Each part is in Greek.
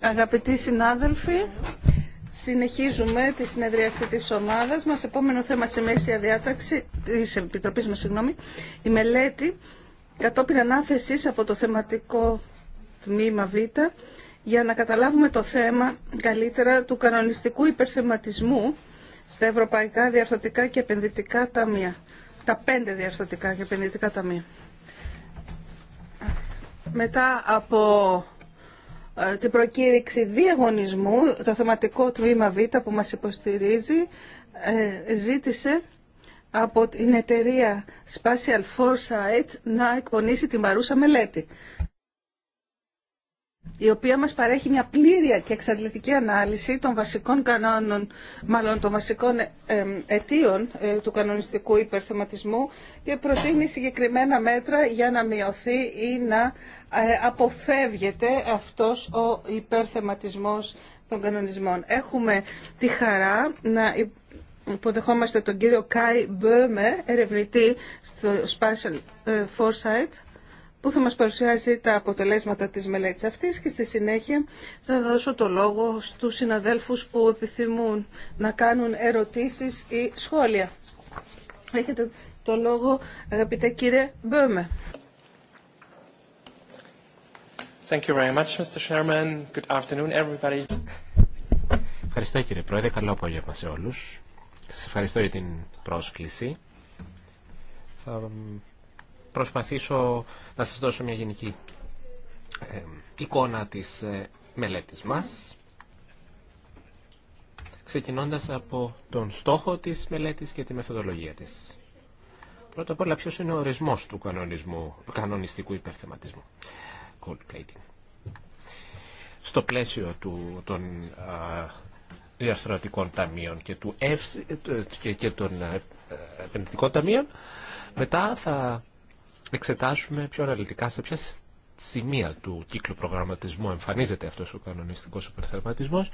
Αγαπητοί συνάδελφοι, συνεχίζουμε τη συνεδρίαση της ομάδας μας. Επόμενο θέμα σε μέση διάταξη της Επιτροπής μας, η μελέτη κατόπιν ανάθεσης από το θεματικό τμήμα Β για να καταλάβουμε το θέμα καλύτερα του κανονιστικού υπερθεματισμού στα ευρωπαϊκά διαρθωτικά και επενδυτικά ταμεία. Τα πέντε διαρθωτικά και επενδυτικά ταμεία μετά από ε, την προκήρυξη διαγωνισμού, το θεματικό τμήμα Β που μας υποστηρίζει, ε, ζήτησε από την εταιρεία Spatial Foresight να εκπονήσει την παρούσα μελέτη η οποία μας παρέχει μια πλήρια και εξαντλητική ανάλυση των βασικών κανόνων, μάλλον των βασικών αιτίων ε, του κανονιστικού υπερθεματισμού και προτείνει συγκεκριμένα μέτρα για να μειωθεί ή να ε, αποφεύγεται αυτός ο υπερθεματισμός των κανονισμών. Έχουμε τη χαρά να υποδεχόμαστε τον κύριο Κάι Μπέμε, ερευνητή στο Spatial ε, Foresight, που θα μας παρουσιάσει τα αποτελέσματα της μελέτης αυτής και στη συνέχεια θα δώσω το λόγο στους συναδέλφους που επιθυμούν να κάνουν ερωτήσεις ή σχόλια. Έχετε το λόγο αγαπητέ κύριε Μπέμε. Ευχαριστώ κύριε Πρόεδρε, καλό απόγευμα σε όλους. Σας ευχαριστώ για την πρόσκληση προσπαθήσω να σας δώσω μια γενική ε, εικόνα της ε, μελέτης μας ξεκινώντας από τον στόχο της μελέτης και τη μεθοδολογία της. Πρώτα απ' όλα, ποιος είναι ο ορισμός του κανονισμού, κανονιστικού υπερθεματισμού. Cold plating. Στο πλαίσιο του, των α, ταμείων και, του ε, και, και των επενδυτικών ταμείων, μετά θα εξετάσουμε πιο αναλυτικά σε ποια σημεία του κύκλου προγραμματισμού εμφανίζεται αυτός ο κανονιστικός υπερθερματισμός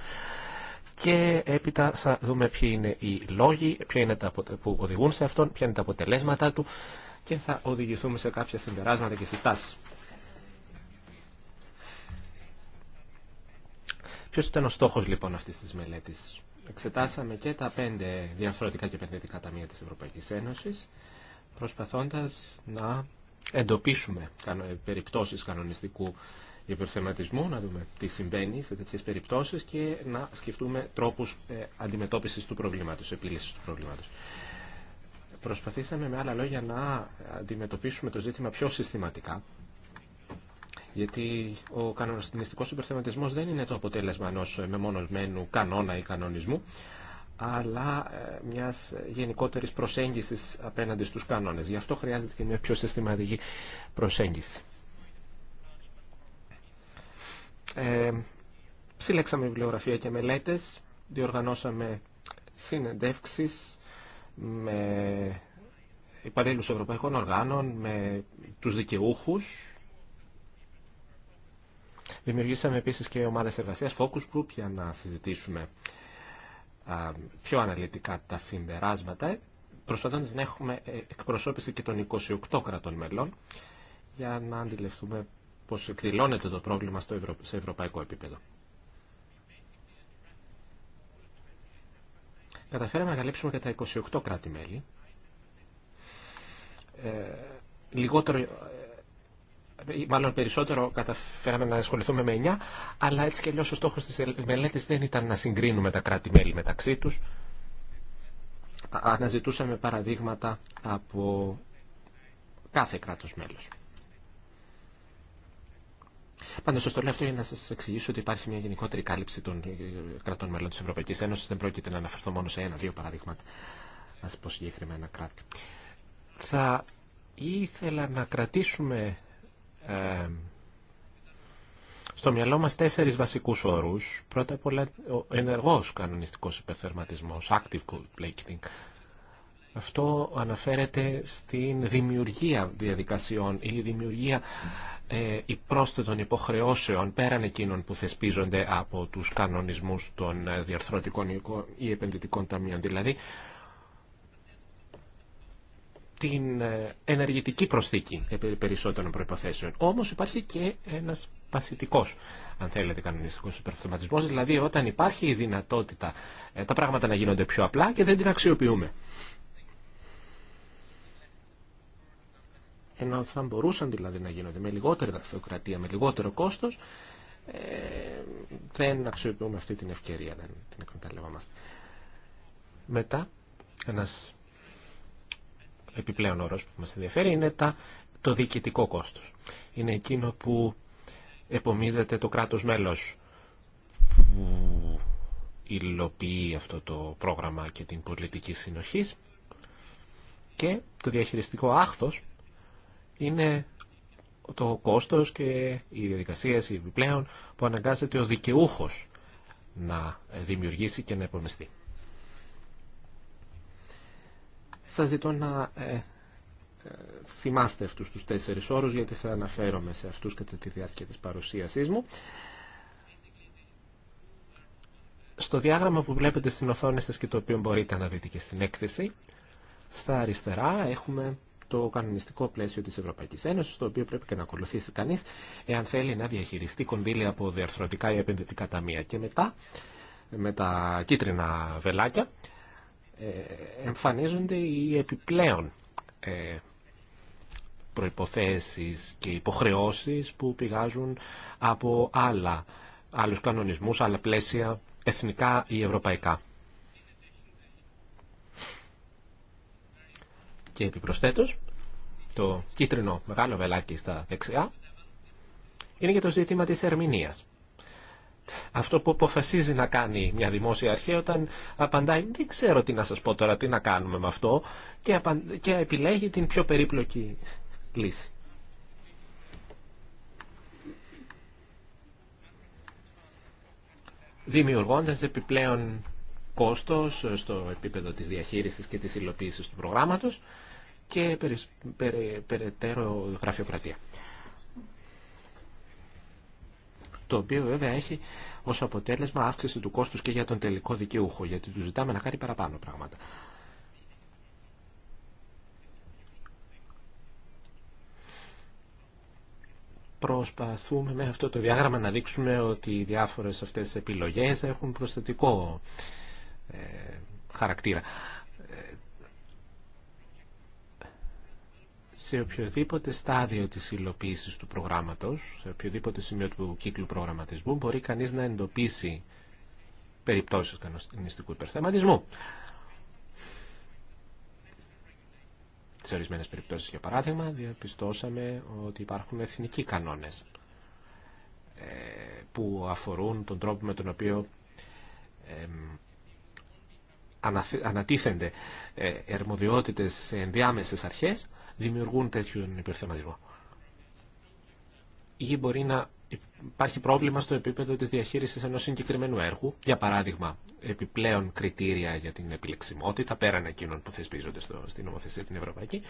και έπειτα θα δούμε ποιοι είναι οι λόγοι ποια είναι τα που οδηγούν σε αυτόν, ποια είναι τα αποτελέσματά του και θα οδηγηθούμε σε κάποια συμπεράσματα και συστάσεις. Ποιο ήταν ο στόχο λοιπόν αυτή τη μελέτη, Εξετάσαμε και τα πέντε διαφορετικά και επενδυτικά ταμεία τη Ευρωπαϊκή Ένωση, προσπαθώντα να εντοπίσουμε περιπτώσεις κανονιστικού υπερθεματισμού, να δούμε τι συμβαίνει σε τέτοιες περιπτώσεις και να σκεφτούμε τρόπους ε, αντιμετώπισης του προβλήματος, επίλυσης του προβλήματος. Προσπαθήσαμε με άλλα λόγια να αντιμετωπίσουμε το ζήτημα πιο συστηματικά, γιατί ο κανονιστικός υπερθεματισμός δεν είναι το αποτέλεσμα ενός μεμονωμένου κανόνα ή κανονισμού, αλλά ε, μιας γενικότερης προσέγγισης απέναντι στους κανόνες. Γι' αυτό χρειάζεται και μια πιο συστηματική προσέγγιση. Ε, ψηλέξαμε βιβλιογραφία και μελέτες, διοργανώσαμε συνεντεύξει με υπαλλήλους ευρωπαϊκών οργάνων, με τους δικαιούχους. Δημιουργήσαμε επίσης και ομάδες εργασίας, focus group, για να συζητήσουμε πιο αναλυτικά τα συμπεράσματα, προσπαθώντας να έχουμε ε, εκπροσώπηση και των 28 κρατών μελών, για να αντιληφθούμε πώς εκδηλώνεται το πρόβλημα στο σε ευρωπαϊκό επίπεδο. Καταφέραμε να καλύψουμε και τα 28 κράτη-μέλη. Ε, λιγότερο μάλλον περισσότερο καταφέραμε να ασχοληθούμε με 9, αλλά έτσι και αλλιώς ο στόχο της μελέτης δεν ήταν να συγκρίνουμε τα κράτη-μέλη μεταξύ του. Αναζητούσαμε παραδείγματα από κάθε κράτο μέλο. Πάντω, σα το λέω αυτό για να σα εξηγήσω ότι υπάρχει μια γενικότερη κάλυψη των κρατών μελών τη Ευρωπαϊκή Ένωση. Δεν πρόκειται να αναφερθώ μόνο σε ένα-δύο παραδείγματα. α πω συγκεκριμένα κράτη. Θα ήθελα να κρατήσουμε ε, στο μυαλό μας τέσσερις βασικούς όρους. Πρώτα απ' όλα ο ενεργός κανονιστικός υπερθερματισμός, active plating. Αυτό αναφέρεται στην δημιουργία διαδικασιών ή δημιουργία ε, υπρόσθετων υποχρεώσεων πέραν εκείνων που θεσπίζονται από τους κανονισμούς των διαρθρωτικών ή επενδυτικών ταμείων. Δηλαδή, την ε, ενεργητική προσθήκη περισσότερων προϋποθέσεων. Όμως υπάρχει και ένας παθητικός, αν θέλετε, κανονιστικός υπερθεματισμός, δηλαδή όταν υπάρχει η δυνατότητα ε, τα πράγματα να γίνονται πιο απλά και δεν την αξιοποιούμε. Ενώ θα μπορούσαν δηλαδή να γίνονται με λιγότερη γραφειοκρατία, με λιγότερο κόστος, ε, δεν αξιοποιούμε αυτή την ευκαιρία, δεν την εκμεταλλευόμαστε. Μετά, ένας επιπλέον όρος που μας ενδιαφέρει είναι τα, το διοικητικό κόστος. Είναι εκείνο που επομίζεται το κράτος μέλος που υλοποιεί αυτό το πρόγραμμα και την πολιτική συνοχή και το διαχειριστικό άχθος είναι το κόστος και οι διαδικασίες επιπλέον που αναγκάζεται ο δικαιούχος να δημιουργήσει και να επομιστεί. Σας ζητώ να ε, ε, θυμάστε αυτούς τους τέσσερις όρους γιατί θα αναφέρομαι σε αυτούς κατά τη διάρκεια της παρουσίασής μου. Στο διάγραμμα που βλέπετε στην οθόνη σας και το οποίο μπορείτε να δείτε και στην έκθεση, στα αριστερά έχουμε το κανονιστικό πλαίσιο της Ευρωπαϊκής Ένωσης, το οποίο πρέπει και να ακολουθήσει κανείς εάν θέλει να διαχειριστεί κονδύλια από διαρθρωτικά ή επενδυτικά ταμεία. Και μετά, με τα κίτρινα βελάκια, ε, εμφανίζονται οι επιπλέον ε, προϋποθέσεις και υποχρεώσεις που πηγάζουν από άλλα, άλλους κανονισμούς, άλλα πλαίσια, εθνικά ή ευρωπαϊκά. Και επιπροσθέτως, το κίτρινο μεγάλο βελάκι στα δεξιά είναι για το ζήτημα της ερμηνείας. Αυτό που αποφασίζει να κάνει μια δημόσια αρχή όταν απαντάει δεν ξέρω τι να σας πω τώρα, τι να κάνουμε με αυτό και, και επιλέγει την πιο περίπλοκη λύση. δημιουργώντας επιπλέον κόστος στο επίπεδο της διαχείρισης και της υλοποίησης του προγράμματος και περι, περαιτέρω γραφειοκρατία το οποίο βέβαια έχει ω αποτέλεσμα αύξηση του κόστους και για τον τελικό δικαιούχο, γιατί του ζητάμε να κάνει παραπάνω πράγματα. Προσπαθούμε με αυτό το διάγραμμα να δείξουμε ότι οι διάφορες αυτές επιλογές έχουν προσθετικό ε, χαρακτήρα. σε οποιοδήποτε στάδιο της υλοποίησης του προγράμματος, σε οποιοδήποτε σημείο του κύκλου προγραμματισμού, μπορεί κανείς να εντοπίσει περιπτώσεις κανονιστικού υπερθεματισμού. Σε ορισμένες περιπτώσεις, για παράδειγμα, διαπιστώσαμε ότι υπάρχουν εθνικοί κανόνες ε, που αφορούν τον τρόπο με τον οποίο ανατίθενται ε, ερμοδιότητες σε ενδιάμεσες αρχές δημιουργούν τέτοιον υπερθεματισμό. Ή μπορεί να υπάρχει πρόβλημα στο επίπεδο της διαχείρισης ενός συγκεκριμένου έργου, για παράδειγμα επιπλέον κριτήρια για την επιλεξιμότητα πέραν εκείνων που θεσπίζονται στο, στην νομοθεσία την Ευρωπαϊκή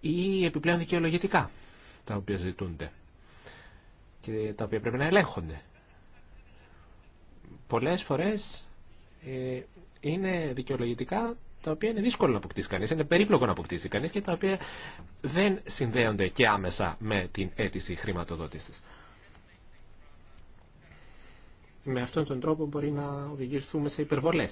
ή επιπλέον δικαιολογητικά τα οποία ζητούνται και τα οποία πρέπει να ελέγχονται. Πολλές φορές ε, είναι δικαιολογητικά τα οποία είναι δύσκολο να αποκτήσει κανεί, είναι περίπλοκο να αποκτήσει κανεί και τα οποία δεν συνδέονται και άμεσα με την αίτηση χρηματοδότηση. Με αυτόν τον τρόπο μπορεί να οδηγηθούμε σε υπερβολέ.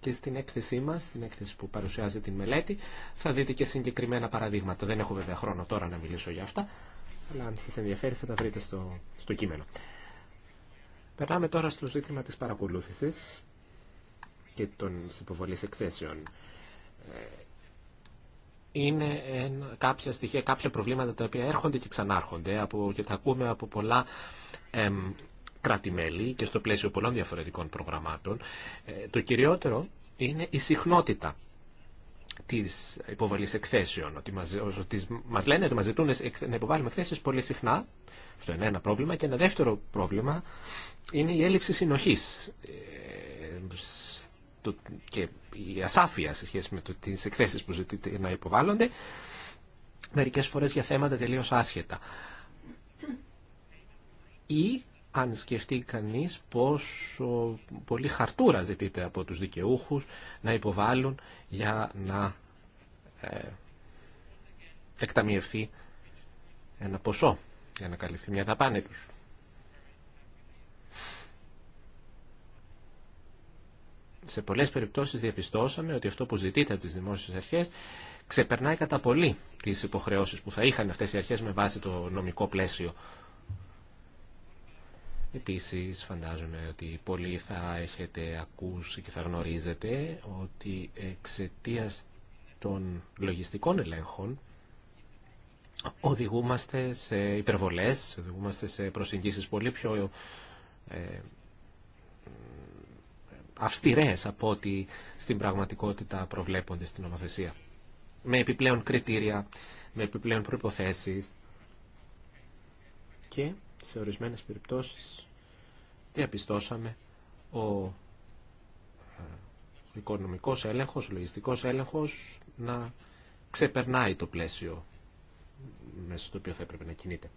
Και στην έκθεσή μα, στην έκθεση που παρουσιάζει την μελέτη, θα δείτε και συγκεκριμένα παραδείγματα. Δεν έχω βέβαια χρόνο τώρα να μιλήσω για αυτά, αλλά αν σα ενδιαφέρει θα τα βρείτε στο, στο κείμενο. Περνάμε τώρα στο ζήτημα της παρακολούθηση και των υποβολή εκθέσεων. Ε, είναι κάποια στοιχεία, κάποια προβλήματα τα οποία έρχονται και ξανάρχονται από, και τα ακούμε από πολλά εμ, κράτη-μέλη και στο πλαίσιο πολλών διαφορετικών προγραμμάτων. Ε, το κυριότερο είναι η συχνότητα της υποβολής εκθέσεων. Ότι μας, μας λένε ότι μας ζητούν να υποβάλουμε εκθέσεις πολύ συχνά. Αυτό είναι ένα πρόβλημα. Και ένα δεύτερο πρόβλημα είναι η έλλειψη συνοχής ε, το, και η ασάφεια σε σχέση με το, τις εκθέσεις που ζητείτε να υποβάλλονται, μερικές φορές για θέματα τελείως άσχετα. Ή αν σκεφτεί κανείς πόσο πολύ χαρτούρα ζητείτε από τους δικαιούχους να υποβάλλουν για να ε, εκταμιευθεί ένα ποσό για να καλυφθεί μια δαπάνη σε πολλές περιπτώσεις διαπιστώσαμε ότι αυτό που ζητείται από τις δημόσιες αρχές ξεπερνάει κατά πολύ τις υποχρεώσεις που θα είχαν αυτές οι αρχές με βάση το νομικό πλαίσιο. Επίσης φαντάζομαι ότι πολλοί θα έχετε ακούσει και θα γνωρίζετε ότι εξαιτία των λογιστικών ελέγχων οδηγούμαστε σε υπερβολές, οδηγούμαστε σε προσεγγίσεις πολύ πιο ε, αυστηρές από ό,τι στην πραγματικότητα προβλέπονται στην νομοθεσία. Με επιπλέον κριτήρια, με επιπλέον προϋποθέσεις και σε ορισμένες περιπτώσεις διαπιστώσαμε ο ε, οικονομικός έλεγχος, ο λογιστικός έλεγχος να ξεπερνάει το πλαίσιο μέσα στο οποίο θα έπρεπε να κινείται.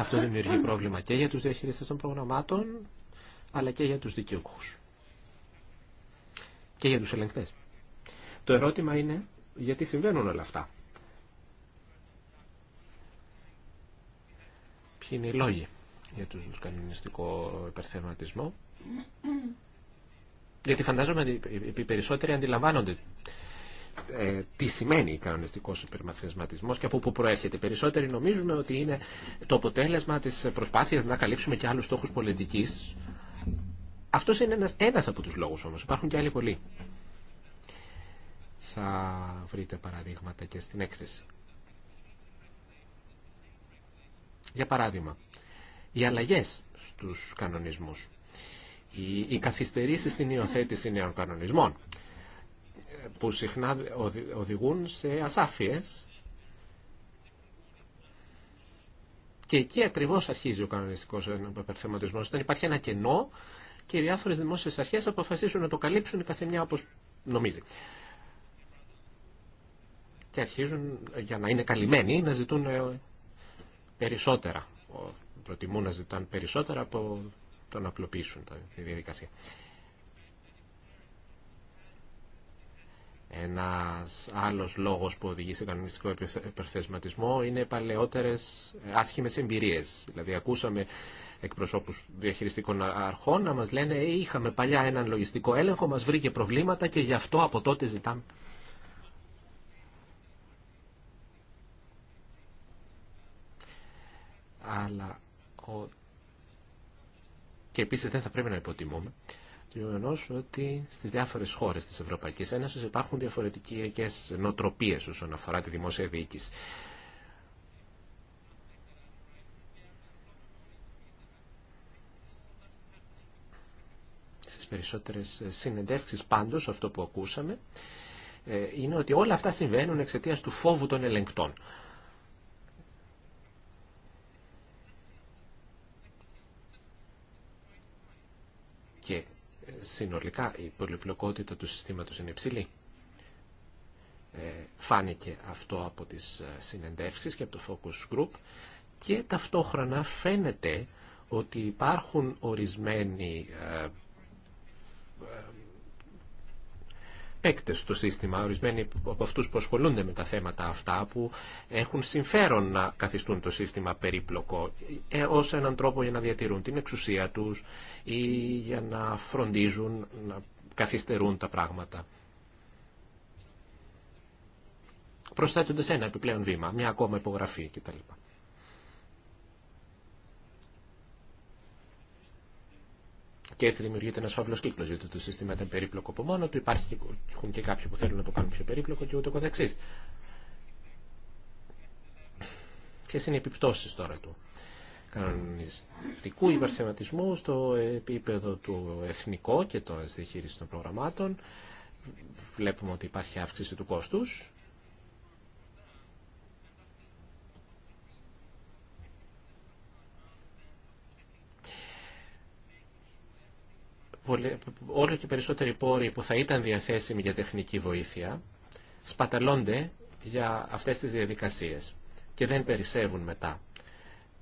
Αυτό δημιουργεί πρόβλημα και για τους διαχειριστές των προγραμμάτων, αλλά και για τους δικαιούχους. Και για τους ελεγκτές. Το ερώτημα είναι γιατί συμβαίνουν όλα αυτά. Ποιοι είναι οι λόγοι για τον κανονιστικό υπερθερματισμό. Γιατί φαντάζομαι ότι οι περισσότεροι αντιλαμβάνονται ε, τι σημαίνει κανονιστικός υπερμαθηματισμός και από πού προέρχεται. Περισσότεροι νομίζουμε ότι είναι το αποτέλεσμα της προσπάθειας να καλύψουμε και άλλους στόχους πολιτικής. Αυτός είναι ένας, ένας από τους λόγους όμως. Υπάρχουν και άλλοι πολλοί. Θα βρείτε παραδείγματα και στην έκθεση. Για παράδειγμα, οι αλλαγέ στους κανονισμούς, οι, οι στην υιοθέτηση νέων κανονισμών, που συχνά οδηγούν σε ασάφειες και εκεί ακριβώς αρχίζει ο κανονιστικός επερθεματισμός. Όταν υπάρχει ένα κενό και οι διάφορες δημόσιες αρχές αποφασίσουν να το καλύψουν η καθεμιά όπως νομίζει. Και αρχίζουν για να είναι καλυμμένοι να ζητούν ε, περισσότερα. Προτιμούν να ζητάνε περισσότερα από το να απλοποιήσουν τη διαδικασία. Ένα άλλος λόγος που οδηγεί σε κανονιστικό υπερθεσματισμό είναι παλαιότερες ε, άσχημε εμπειρίε. Δηλαδή ακούσαμε εκπροσώπους διαχειριστικών αρχών να μα λένε «Ε, είχαμε παλιά έναν λογιστικό έλεγχο, μας βρήκε προβλήματα και γι' αυτό από τότε ζητάμε. Αλλά ο... και επίσης δεν θα πρέπει να υποτιμούμε γεγονό ότι στι διάφορε χώρε τη Ευρωπαϊκή Ένωση υπάρχουν διαφορετικέ νοοτροπίε όσον αφορά τη δημόσια διοίκηση. Στι περισσότερε συνεντεύξεις πάντως αυτό που ακούσαμε ε, είναι ότι όλα αυτά συμβαίνουν εξαιτία του φόβου των ελεγκτών. Και συνολικά η πολυπλοκότητα του συστήματος είναι υψηλή. Ε, φάνηκε αυτό από τις ε, συνεντεύξεις και από το focus group και ταυτόχρονα φαίνεται ότι υπάρχουν ορισμένοι ε, παίκτες στο σύστημα, ορισμένοι από αυτούς που ασχολούνται με τα θέματα αυτά, που έχουν συμφέρον να καθιστούν το σύστημα περίπλοκο ε, ως έναν τρόπο για να διατηρούν την εξουσία τους ή για να φροντίζουν να καθυστερούν τα πράγματα. Προσθέτονται σε ένα επιπλέον βήμα, μια ακόμα υπογραφή κτλ. Και έτσι δημιουργείται ένα φαύλο κύκλο, γιατί το σύστημα ήταν περίπλοκο από μόνο του. Υπάρχουν και κάποιοι που θέλουν να το κάνουν πιο περίπλοκο και ούτω καθεξή. Ποιε είναι οι επιπτώσει τώρα του κανονιστικού υπερθεματισμού στο επίπεδο του εθνικού και το διαχείριση των προγραμμάτων. Βλέπουμε ότι υπάρχει αύξηση του κόστου. όλο και περισσότεροι πόροι που θα ήταν διαθέσιμοι για τεχνική βοήθεια σπαταλώνται για αυτές τις διαδικασίες και δεν περισσεύουν μετά.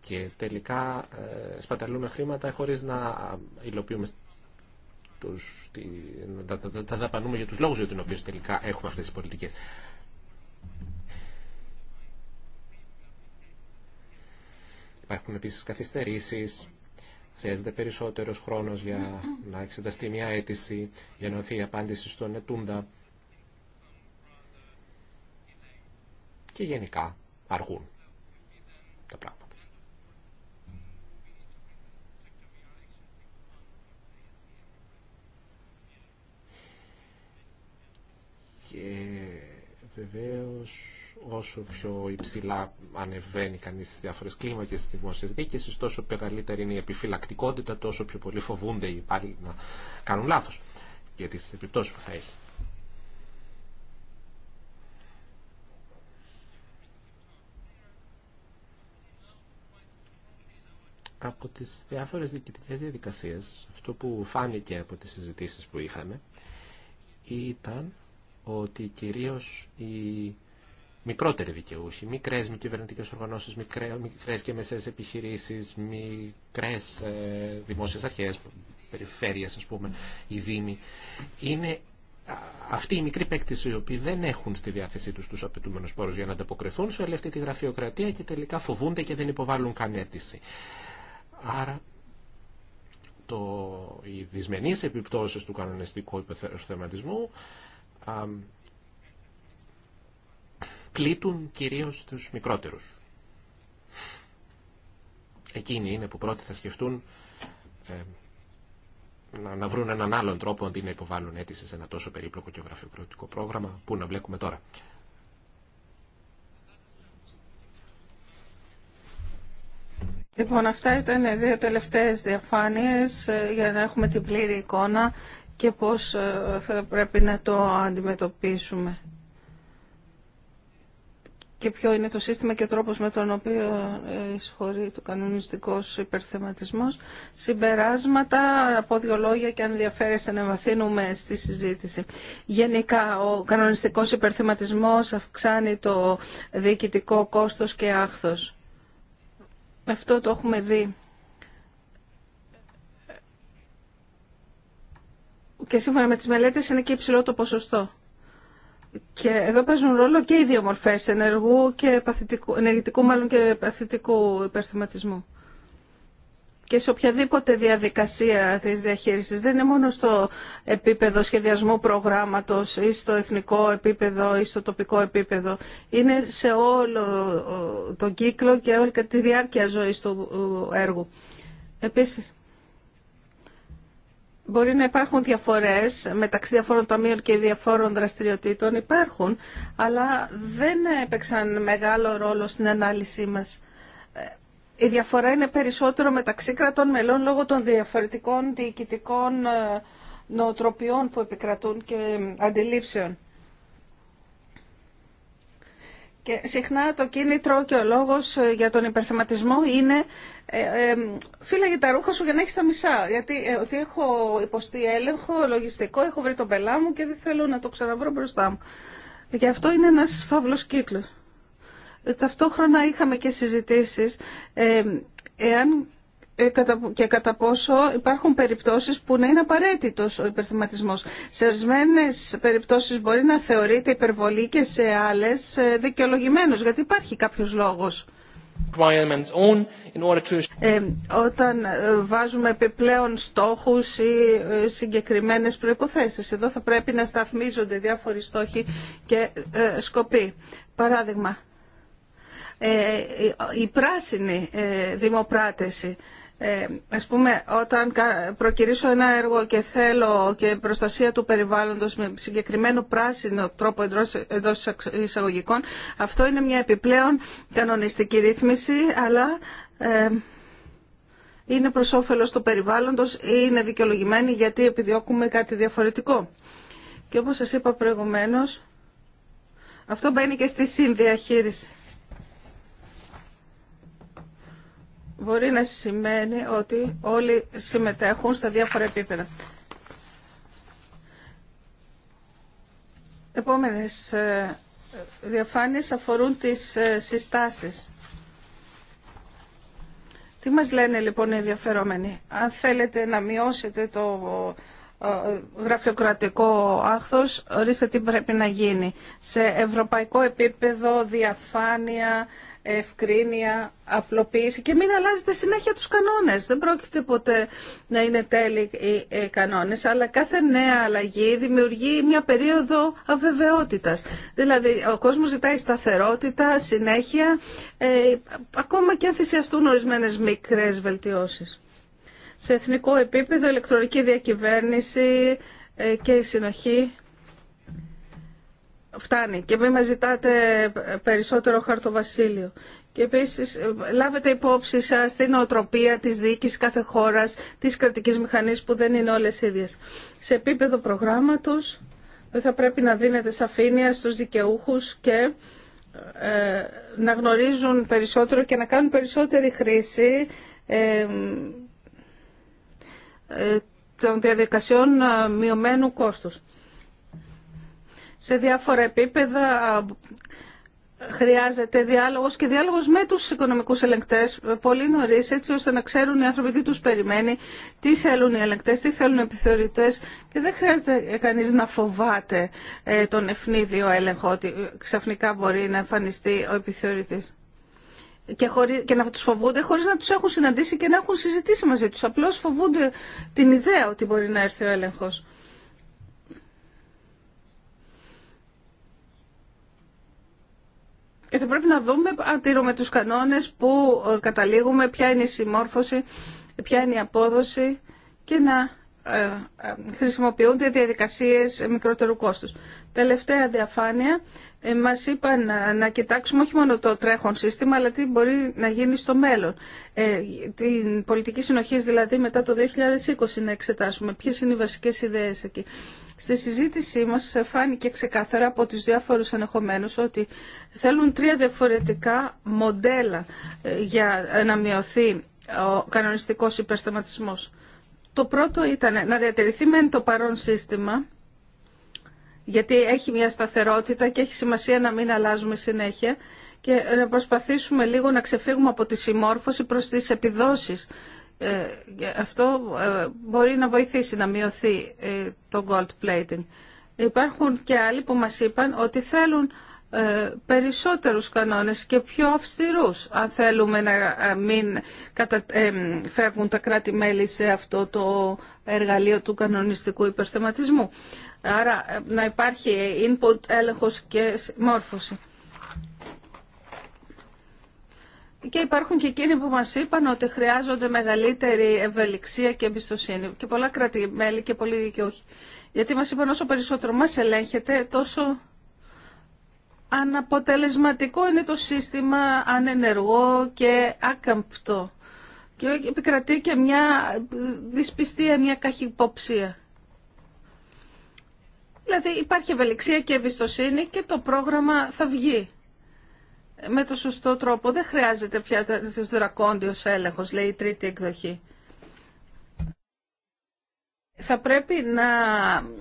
Και τελικά ε, σπαταλούμε χρήματα χωρίς να υλοποιούμε τους, τα, τα, τα δαπανούμε για τους λόγους για τους οποίους τελικά έχουμε αυτές τις πολιτικές. Υπάρχουν επίσης καθυστερήσεις Χρειάζεται περισσότερος χρόνος για να εξεταστεί μια αίτηση, για να δοθεί η απάντηση στον ετούντα. Και γενικά αργούν τα πράγματα. Και βεβαίως όσο πιο υψηλά ανεβαίνει κανείς στι διάφορε κλίμακε τη δημόσια διοίκηση, τόσο μεγαλύτερη είναι η επιφυλακτικότητα, τόσο πιο πολύ φοβούνται οι υπάλληλοι να κάνουν λάθος για τι επιπτώσει που θα έχει. από τις διάφορες διοικητικές διαδικασίες, αυτό που φάνηκε από τις συζητήσεις που είχαμε, ήταν ότι κυρίως οι μικρότερη δικαιούχοι, μικρές μη κυβερνητικέ οργανώσεις, μικρές και μεσαίες επιχειρήσεις, μικρές ε, δημόσιες αρχές, περιφέρειες ας πούμε, η δήμοι. Είναι αυτοί οι μικροί παίκτε οι οποίοι δεν έχουν στη διάθεσή του του απαιτούμενου πόρου για να ανταποκριθούν σε όλη αυτή τη γραφειοκρατία και τελικά φοβούνται και δεν υποβάλλουν καν αίτηση. Άρα το, οι δυσμενείς επιπτώσεις του κανονιστικού υπερθεματισμού κλείτουν κυρίως τους μικρότερους. Εκείνοι είναι που πρώτοι θα σκεφτούν ε, να, να βρουν έναν άλλον τρόπο αντί να υποβάλουν αίτηση σε ένα τόσο περίπλοκο και γραφειοκρατικό πρόγραμμα που να βλέπουμε τώρα. Λοιπόν, αυτά ήταν δύο τελευταίες διαφάνειες ε, για να έχουμε την πλήρη εικόνα και πώς ε, θα πρέπει να το αντιμετωπίσουμε και ποιο είναι το σύστημα και ο τρόπος με τον οποίο ε, εισχωρεί το κανονιστικός υπερθεματισμός. Συμπεράσματα από δύο λόγια και αν ενδιαφέρεστε να βαθύνουμε στη συζήτηση. Γενικά ο κανονιστικός υπερθεματισμός αυξάνει το διοικητικό κόστος και άχθος. Αυτό το έχουμε δει. Και σύμφωνα με τις μελέτες είναι και υψηλό το ποσοστό. Και εδώ παίζουν ρόλο και οι δύο μορφές ενεργού και παθητικού, ενεργητικού μάλλον και παθητικού υπερθυματισμού. Και σε οποιαδήποτε διαδικασία τη διαχείριση. δεν είναι μόνο στο επίπεδο σχεδιασμού προγράμματος ή στο εθνικό επίπεδο ή στο τοπικό επίπεδο. Είναι σε όλο ε, τον κύκλο και όλη τη διάρκεια ζωή του ε, έργου. Επίσης, Μπορεί να υπάρχουν διαφορές μεταξύ διαφόρων ταμείων και διαφόρων δραστηριοτήτων, υπάρχουν, αλλά δεν έπαιξαν μεγάλο ρόλο στην ανάλυση μας. Ε, η διαφορά είναι περισσότερο μεταξύ κρατών μελών λόγω των διαφορετικών διοικητικών ε, νοοτροπιών που επικρατούν και ε, αντιλήψεων. Και συχνά το κίνητρο και ο λόγος ε, για τον υπερθεματισμό είναι ε, ε, φύλαγε τα ρούχα σου για να έχεις τα μισά. Γιατί ε, ότι έχω υποστεί έλεγχο, λογιστικό, έχω βρει τον πελά μου και δεν θέλω να το ξαναβρω μπροστά μου. Γι' αυτό είναι ένας φαύλος κύκλος. Ε, ταυτόχρονα είχαμε και συζητήσεις εάν ε, και κατά πόσο υπάρχουν περιπτώσεις που να είναι απαραίτητος ο υπερθυματισμός. Σε ορισμένε περιπτώσεις μπορεί να θεωρείται υπερβολή και σε άλλες ε, δικαιολογημένος, γιατί υπάρχει κάποιος λόγος. Ε, όταν βάζουμε επιπλέον στόχους ή συγκεκριμένες προϋποθέσεις. Εδώ θα πρέπει να σταθμίζονται διάφοροι στόχοι και ε, σκοποί. Παράδειγμα, ε, η πράσινη δημοπράτεση ε, ας πούμε, όταν προκυρήσω ένα έργο και θέλω και προστασία του περιβάλλοντος με συγκεκριμένο πράσινο τρόπο εντό εισαγωγικών, αυτό είναι μια επιπλέον κανονιστική ρύθμιση, αλλά ε, είναι προς όφελος του περιβάλλοντος ή είναι δικαιολογημένη γιατί επιδιώκουμε κάτι διαφορετικό. Και όπως σας είπα προηγουμένως, αυτό μπαίνει και στη συνδιαχείριση. μπορεί να σημαίνει ότι όλοι συμμετέχουν στα διάφορα επίπεδα. Επόμενες ε, διαφάνειες αφορούν τις ε, συστάσεις. Τι μας λένε λοιπόν οι ενδιαφερόμενοι. Αν θέλετε να μειώσετε το ε, γραφειοκρατικό άχθος, ορίστε τι πρέπει να γίνει. Σε ευρωπαϊκό επίπεδο, διαφάνεια, ευκρίνεια, απλοποίηση και μην αλλάζετε συνέχεια τους κανόνες. Δεν πρόκειται ποτέ να είναι τέλειοι οι κανόνες, αλλά κάθε νέα αλλαγή δημιουργεί μια περίοδο αβεβαιότητας. Δηλαδή, ο κόσμος ζητάει σταθερότητα, συνέχεια, ε, ακόμα και αν θυσιαστούν ορισμένες μικρές βελτιώσεις. Σε εθνικό επίπεδο, ηλεκτρονική διακυβέρνηση ε, και η συνοχή Φτάνει. Και μην μας ζητάτε περισσότερο χαρτοβασίλειο. Και επίσης λάβετε υπόψη σα την οτροπία της δίκης κάθε χώρα, της κρατική μηχανή που δεν είναι όλες ίδιες. Σε επίπεδο προγράμματος θα πρέπει να δίνετε σαφήνεια στους δικαιούχου και ε, να γνωρίζουν περισσότερο και να κάνουν περισσότερη χρήση ε, ε, των διαδικασιών μειωμένου κόστου σε διάφορα επίπεδα χρειάζεται διάλογος και διάλογος με τους οικονομικούς ελεγκτές πολύ νωρίς έτσι ώστε να ξέρουν οι άνθρωποι τι τους περιμένει, τι θέλουν οι ελεγκτές, τι θέλουν οι επιθεωρητές και δεν χρειάζεται κανείς να φοβάται ε, τον ευνίδιο έλεγχο ότι ξαφνικά μπορεί να εμφανιστεί ο επιθεωρητής και, και να τους φοβούνται χωρίς να τους έχουν συναντήσει και να έχουν συζητήσει μαζί τους. Απλώς φοβούνται την ιδέα ότι μπορεί να έρθει ο έλεγχος. Και θα πρέπει να δούμε αν τηρούμε τους κανόνες που ε, καταλήγουμε, ποια είναι η συμμόρφωση, ποια είναι η απόδοση και να ε, ε, χρησιμοποιούνται διαδικασίες μικρότερου κόστους. Τελευταία διαφάνεια, μας είπαν να κοιτάξουμε όχι μόνο το τρέχον σύστημα, αλλά τι μπορεί να γίνει στο μέλλον. Την πολιτική συνοχής δηλαδή μετά το 2020 να εξετάσουμε ποιες είναι οι βασικές ιδέες εκεί. Στη συζήτησή μας φάνηκε ξεκάθαρα από τους διάφορους ενεχομένους ότι θέλουν τρία διαφορετικά μοντέλα ε, για να μειωθεί ο κανονιστικός υπερθεματισμός. Το πρώτο ήταν να διατηρηθεί μεν το παρόν σύστημα, γιατί έχει μια σταθερότητα και έχει σημασία να μην αλλάζουμε συνέχεια και να προσπαθήσουμε λίγο να ξεφύγουμε από τη συμμόρφωση προς τις επιδόσεις ε, αυτό ε, μπορεί να βοηθήσει να μειωθεί ε, το gold plating. Υπάρχουν και άλλοι που μας είπαν ότι θέλουν περισσότερους κανόνες και πιο αυστηρούς αν θέλουμε να μην φεύγουν τα κράτη-μέλη σε αυτό το εργαλείο του κανονιστικού υπερθεματισμού. Άρα να υπάρχει input, έλεγχος και μόρφωση. Και υπάρχουν και εκείνοι που μας είπαν ότι χρειάζονται μεγαλύτερη ευελιξία και εμπιστοσύνη. Και πολλά κρατημέλη και πολλοί δικαιούχοι. Γιατί μας είπαν όσο περισσότερο μας ελέγχεται, τόσο αναποτελεσματικό είναι το σύστημα, ανενεργό και άκαμπτο. Και επικρατεί και μια δυσπιστία, μια καχυποψία. Δηλαδή υπάρχει ευελιξία και εμπιστοσύνη και το πρόγραμμα θα βγει με το σωστό τρόπο. Δεν χρειάζεται πια τους δρακόντιο έλεγχο, λέει η τρίτη εκδοχή. Θα πρέπει να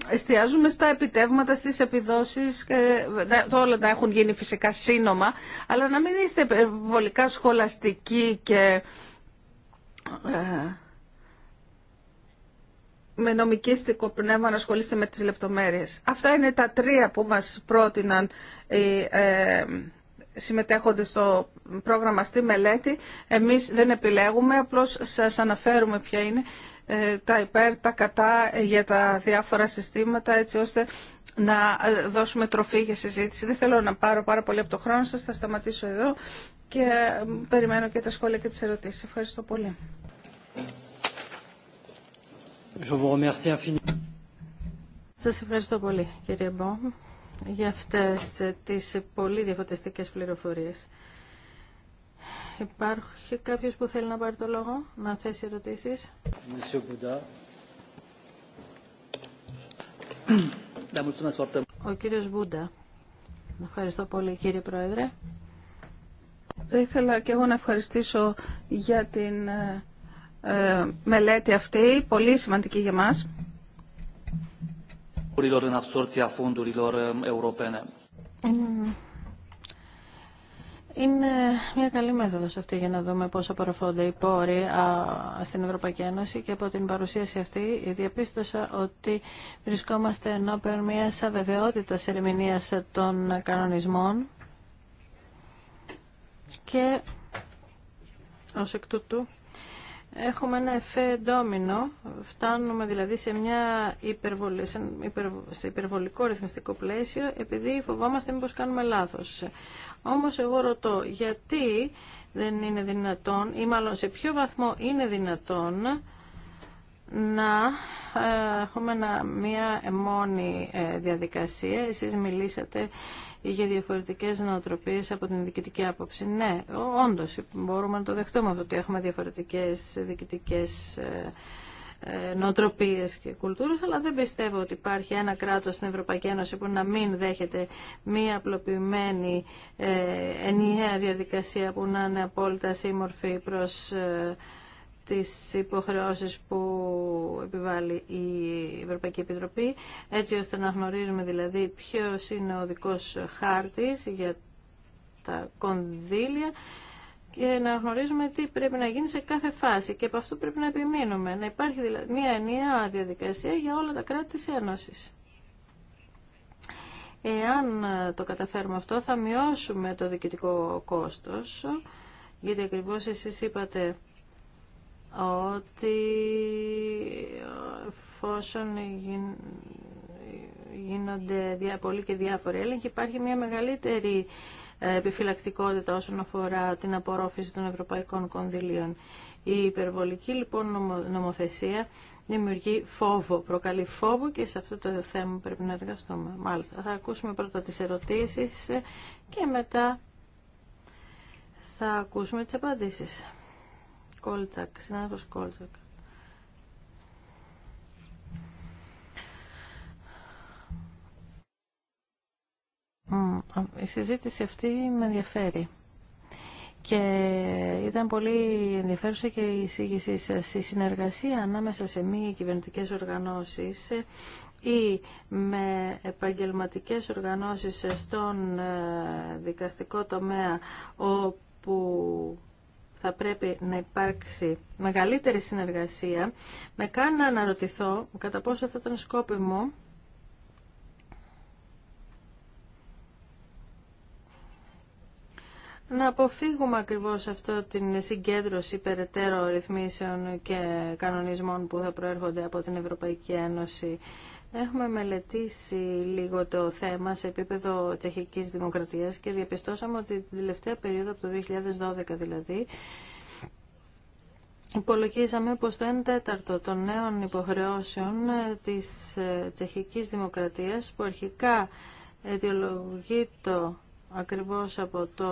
εστιάζουμε στα επιτεύγματα, στις επιδόσεις, και όλα να έχουν γίνει φυσικά σύνομα, αλλά να μην είστε βολικά σχολαστικοί και ε, με νομικίστικο πνεύμα να ασχολείστε με τις λεπτομέρειες. Αυτά είναι τα τρία που μας πρότειναν οι ε, συμμετέχονται στο πρόγραμμα στη μελέτη. Εμείς δεν επιλέγουμε, απλώς σας αναφέρουμε ποια είναι ε, τα υπέρ, τα κατά ε, για τα διάφορα συστήματα, έτσι ώστε να ε, δώσουμε τροφή για συζήτηση. Δεν θέλω να πάρω πάρα πολύ από το χρόνο σας, θα σταματήσω εδώ και περιμένω και τα σχόλια και τις ερωτήσεις. Ευχαριστώ πολύ. Σας ευχαριστώ πολύ, κύριε Μπόμ για αυτές τις πολύ διαφωτιστικές πληροφορίες. Υπάρχει κάποιος που θέλει να πάρει το λόγο, να θέσει ερωτήσεις. Ο κύριος Μπούντα. Ευχαριστώ πολύ κύριε Πρόεδρε. Θα ήθελα και εγώ να ευχαριστήσω για την ε, ε, μελέτη αυτή, πολύ σημαντική για μας. Είναι um, uh, μια καλή μέθοδος αυτή για να δούμε πώς απορροφώνται οι πόροι στην Ευρωπαϊκή Ένωση και από την παρουσίαση αυτή διαπίστωσα ότι βρισκόμαστε ενώπιον μια αβεβαιότητας ερμηνείας των κανονισμών και ως εκ τούτου έχουμε ένα εφέ ντόμινο, φτάνουμε δηλαδή σε μια υπερβολη, σε υπερβολικό ρυθμιστικό πλαίσιο επειδή φοβόμαστε μήπως κάνουμε λάθος. Όμως εγώ ρωτώ γιατί δεν είναι δυνατόν ή μάλλον σε ποιο βαθμό είναι δυνατόν να ε, έχουμε μια μόνη ε, διαδικασία. Εσείς μιλήσατε για διαφορετικές νοοτροπίε από την διοικητική άποψη. Ναι, όντω. μπορούμε να το δεχτούμε αυτό ότι έχουμε διαφορετικές διοικητικέ ε, ε, νοοτροπίε και κουλτούρες, αλλά δεν πιστεύω ότι υπάρχει ένα κράτος στην Ευρωπαϊκή Ένωση που να μην δέχεται μία απλοποιημένη ε, ενιαία διαδικασία που να είναι απόλυτα σύμμορφη προς τις υποχρεώσεις που επιβάλλει η Ευρωπαϊκή Επιτροπή, έτσι ώστε να γνωρίζουμε δηλαδή ποιος είναι ο δικός χάρτης για τα κονδύλια και να γνωρίζουμε τι πρέπει να γίνει σε κάθε φάση. Και από αυτό πρέπει να επιμείνουμε, να υπάρχει μια ενιαία διαδικασία για όλα τα κράτη της Ένωσης. Εάν το καταφέρουμε αυτό θα μειώσουμε το διοικητικό κόστος, γιατί ακριβώς εσείς είπατε ότι εφόσον γίνονται πολλοί και διάφοροι έλεγχοι υπάρχει μια μεγαλύτερη ε, επιφυλακτικότητα όσον αφορά την απορρόφηση των ευρωπαϊκών κονδυλίων. Η υπερβολική λοιπόν νομοθεσία δημιουργεί φόβο, προκαλεί φόβο και σε αυτό το θέμα πρέπει να εργαστούμε. Μάλιστα, θα ακούσουμε πρώτα τις ερωτήσεις ε, και μετά θα ακούσουμε τις απαντήσεις. Κόλτσακ, συνάδελφος Κόλτσακ. Η συζήτηση αυτή με ενδιαφέρει. Και ήταν πολύ ενδιαφέρουσα και η εισήγησή σας. Η συνεργασία ανάμεσα σε μη κυβερνητικέ οργανώσεις ή με επαγγελματικές οργανώσεις στον ε, δικαστικό τομέα όπου θα πρέπει να υπάρξει μεγαλύτερη συνεργασία, με κάνει να αναρωτηθώ κατά πόσο θα ήταν σκόπιμο να αποφύγουμε ακριβώς αυτό την συγκέντρωση περαιτέρω ρυθμίσεων και κανονισμών που θα προέρχονται από την Ευρωπαϊκή Ένωση Έχουμε μελετήσει λίγο το θέμα σε επίπεδο τσεχικής δημοκρατίας και διαπιστώσαμε ότι την τελευταία περίοδο, από το 2012 δηλαδή, Υπολογίζαμε πως το 1 τέταρτο των νέων υποχρεώσεων της ε, τσεχικής δημοκρατίας που αρχικά αιτιολογείται ακριβώς από το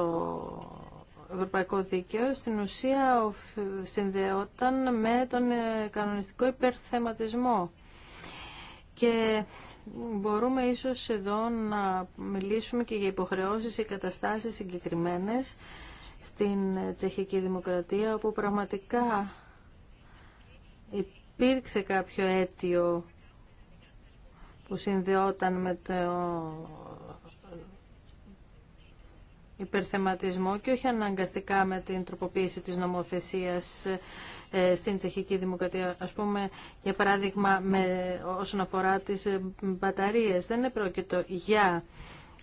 Ευρωπαϊκό Δίκαιο στην ουσία συνδεόταν με τον ε, κανονιστικό υπερθεματισμό και μπορούμε ίσως εδώ να μιλήσουμε και για υποχρεώσεις ή καταστάσεις συγκεκριμένες στην Τσεχική Δημοκρατία όπου πραγματικά υπήρξε κάποιο αίτιο που συνδεόταν με το υπερθεματισμό και όχι αναγκαστικά με την τροποποίηση της νομοθεσίας ε, στην Τσεχική Δημοκρατία. Ας πούμε, για παράδειγμα, με, όσον αφορά τις ε, μπαταρίες, δεν είναι πρόκειτο για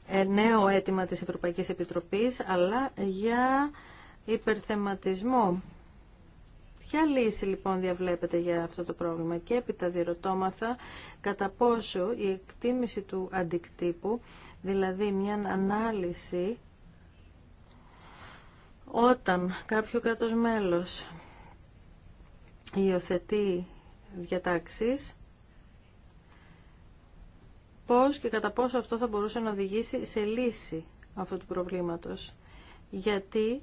ε, νέο αίτημα της Ευρωπαϊκής Επιτροπής, αλλά για υπερθεματισμό. Ποια λύση λοιπόν διαβλέπετε για αυτό το πρόβλημα και έπειτα διερωτώμαθα κατά πόσο η εκτίμηση του αντικτύπου, δηλαδή μια ανάλυση όταν κάποιο κράτος μέλος υιοθετεί διατάξεις, πώς και κατά πόσο αυτό θα μπορούσε να οδηγήσει σε λύση αυτού του προβλήματος. Γιατί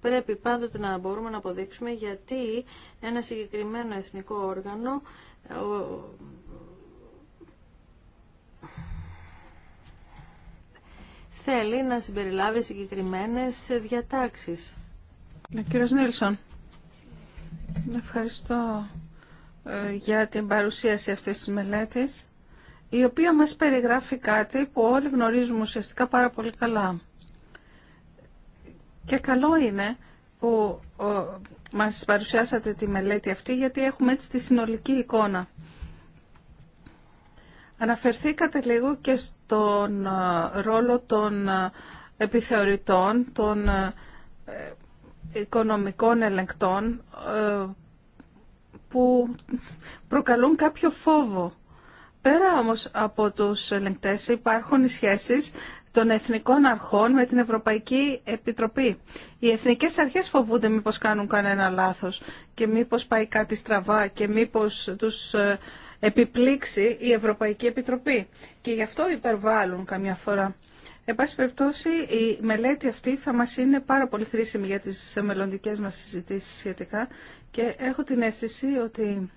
πρέπει πάντοτε να μπορούμε να αποδείξουμε γιατί ένα συγκεκριμένο εθνικό όργανο θέλει να συμπεριλάβει συγκεκριμένες διατάξεις. Ε, κύριος Νίλσον, ευχαριστώ ε, για την παρουσίαση αυτής της μελέτης, η οποία μας περιγράφει κάτι που όλοι γνωρίζουμε ουσιαστικά πάρα πολύ καλά. Και καλό είναι που ε, μας παρουσιάσατε τη μελέτη αυτή, γιατί έχουμε έτσι τη συνολική εικόνα. Αναφερθήκατε λίγο και στον ε, ρόλο των ε, επιθεωρητών, των ε, οικονομικών ελεγκτών που προκαλούν κάποιο φόβο. Πέρα όμως από τους ελεγκτές υπάρχουν οι σχέσεις των εθνικών αρχών με την Ευρωπαϊκή Επιτροπή. Οι εθνικές αρχές φοβούνται μήπως κάνουν κανένα λάθος και μήπως πάει κάτι στραβά και μήπως τους επιπλήξει η Ευρωπαϊκή Επιτροπή και γι' αυτό υπερβάλλουν καμιά φορά. Εν πάση περιπτώσει, η μελέτη αυτή θα μας είναι πάρα πολύ χρήσιμη για τις μελλοντικές μας συζητήσεις σχετικά και έχω την αίσθηση ότι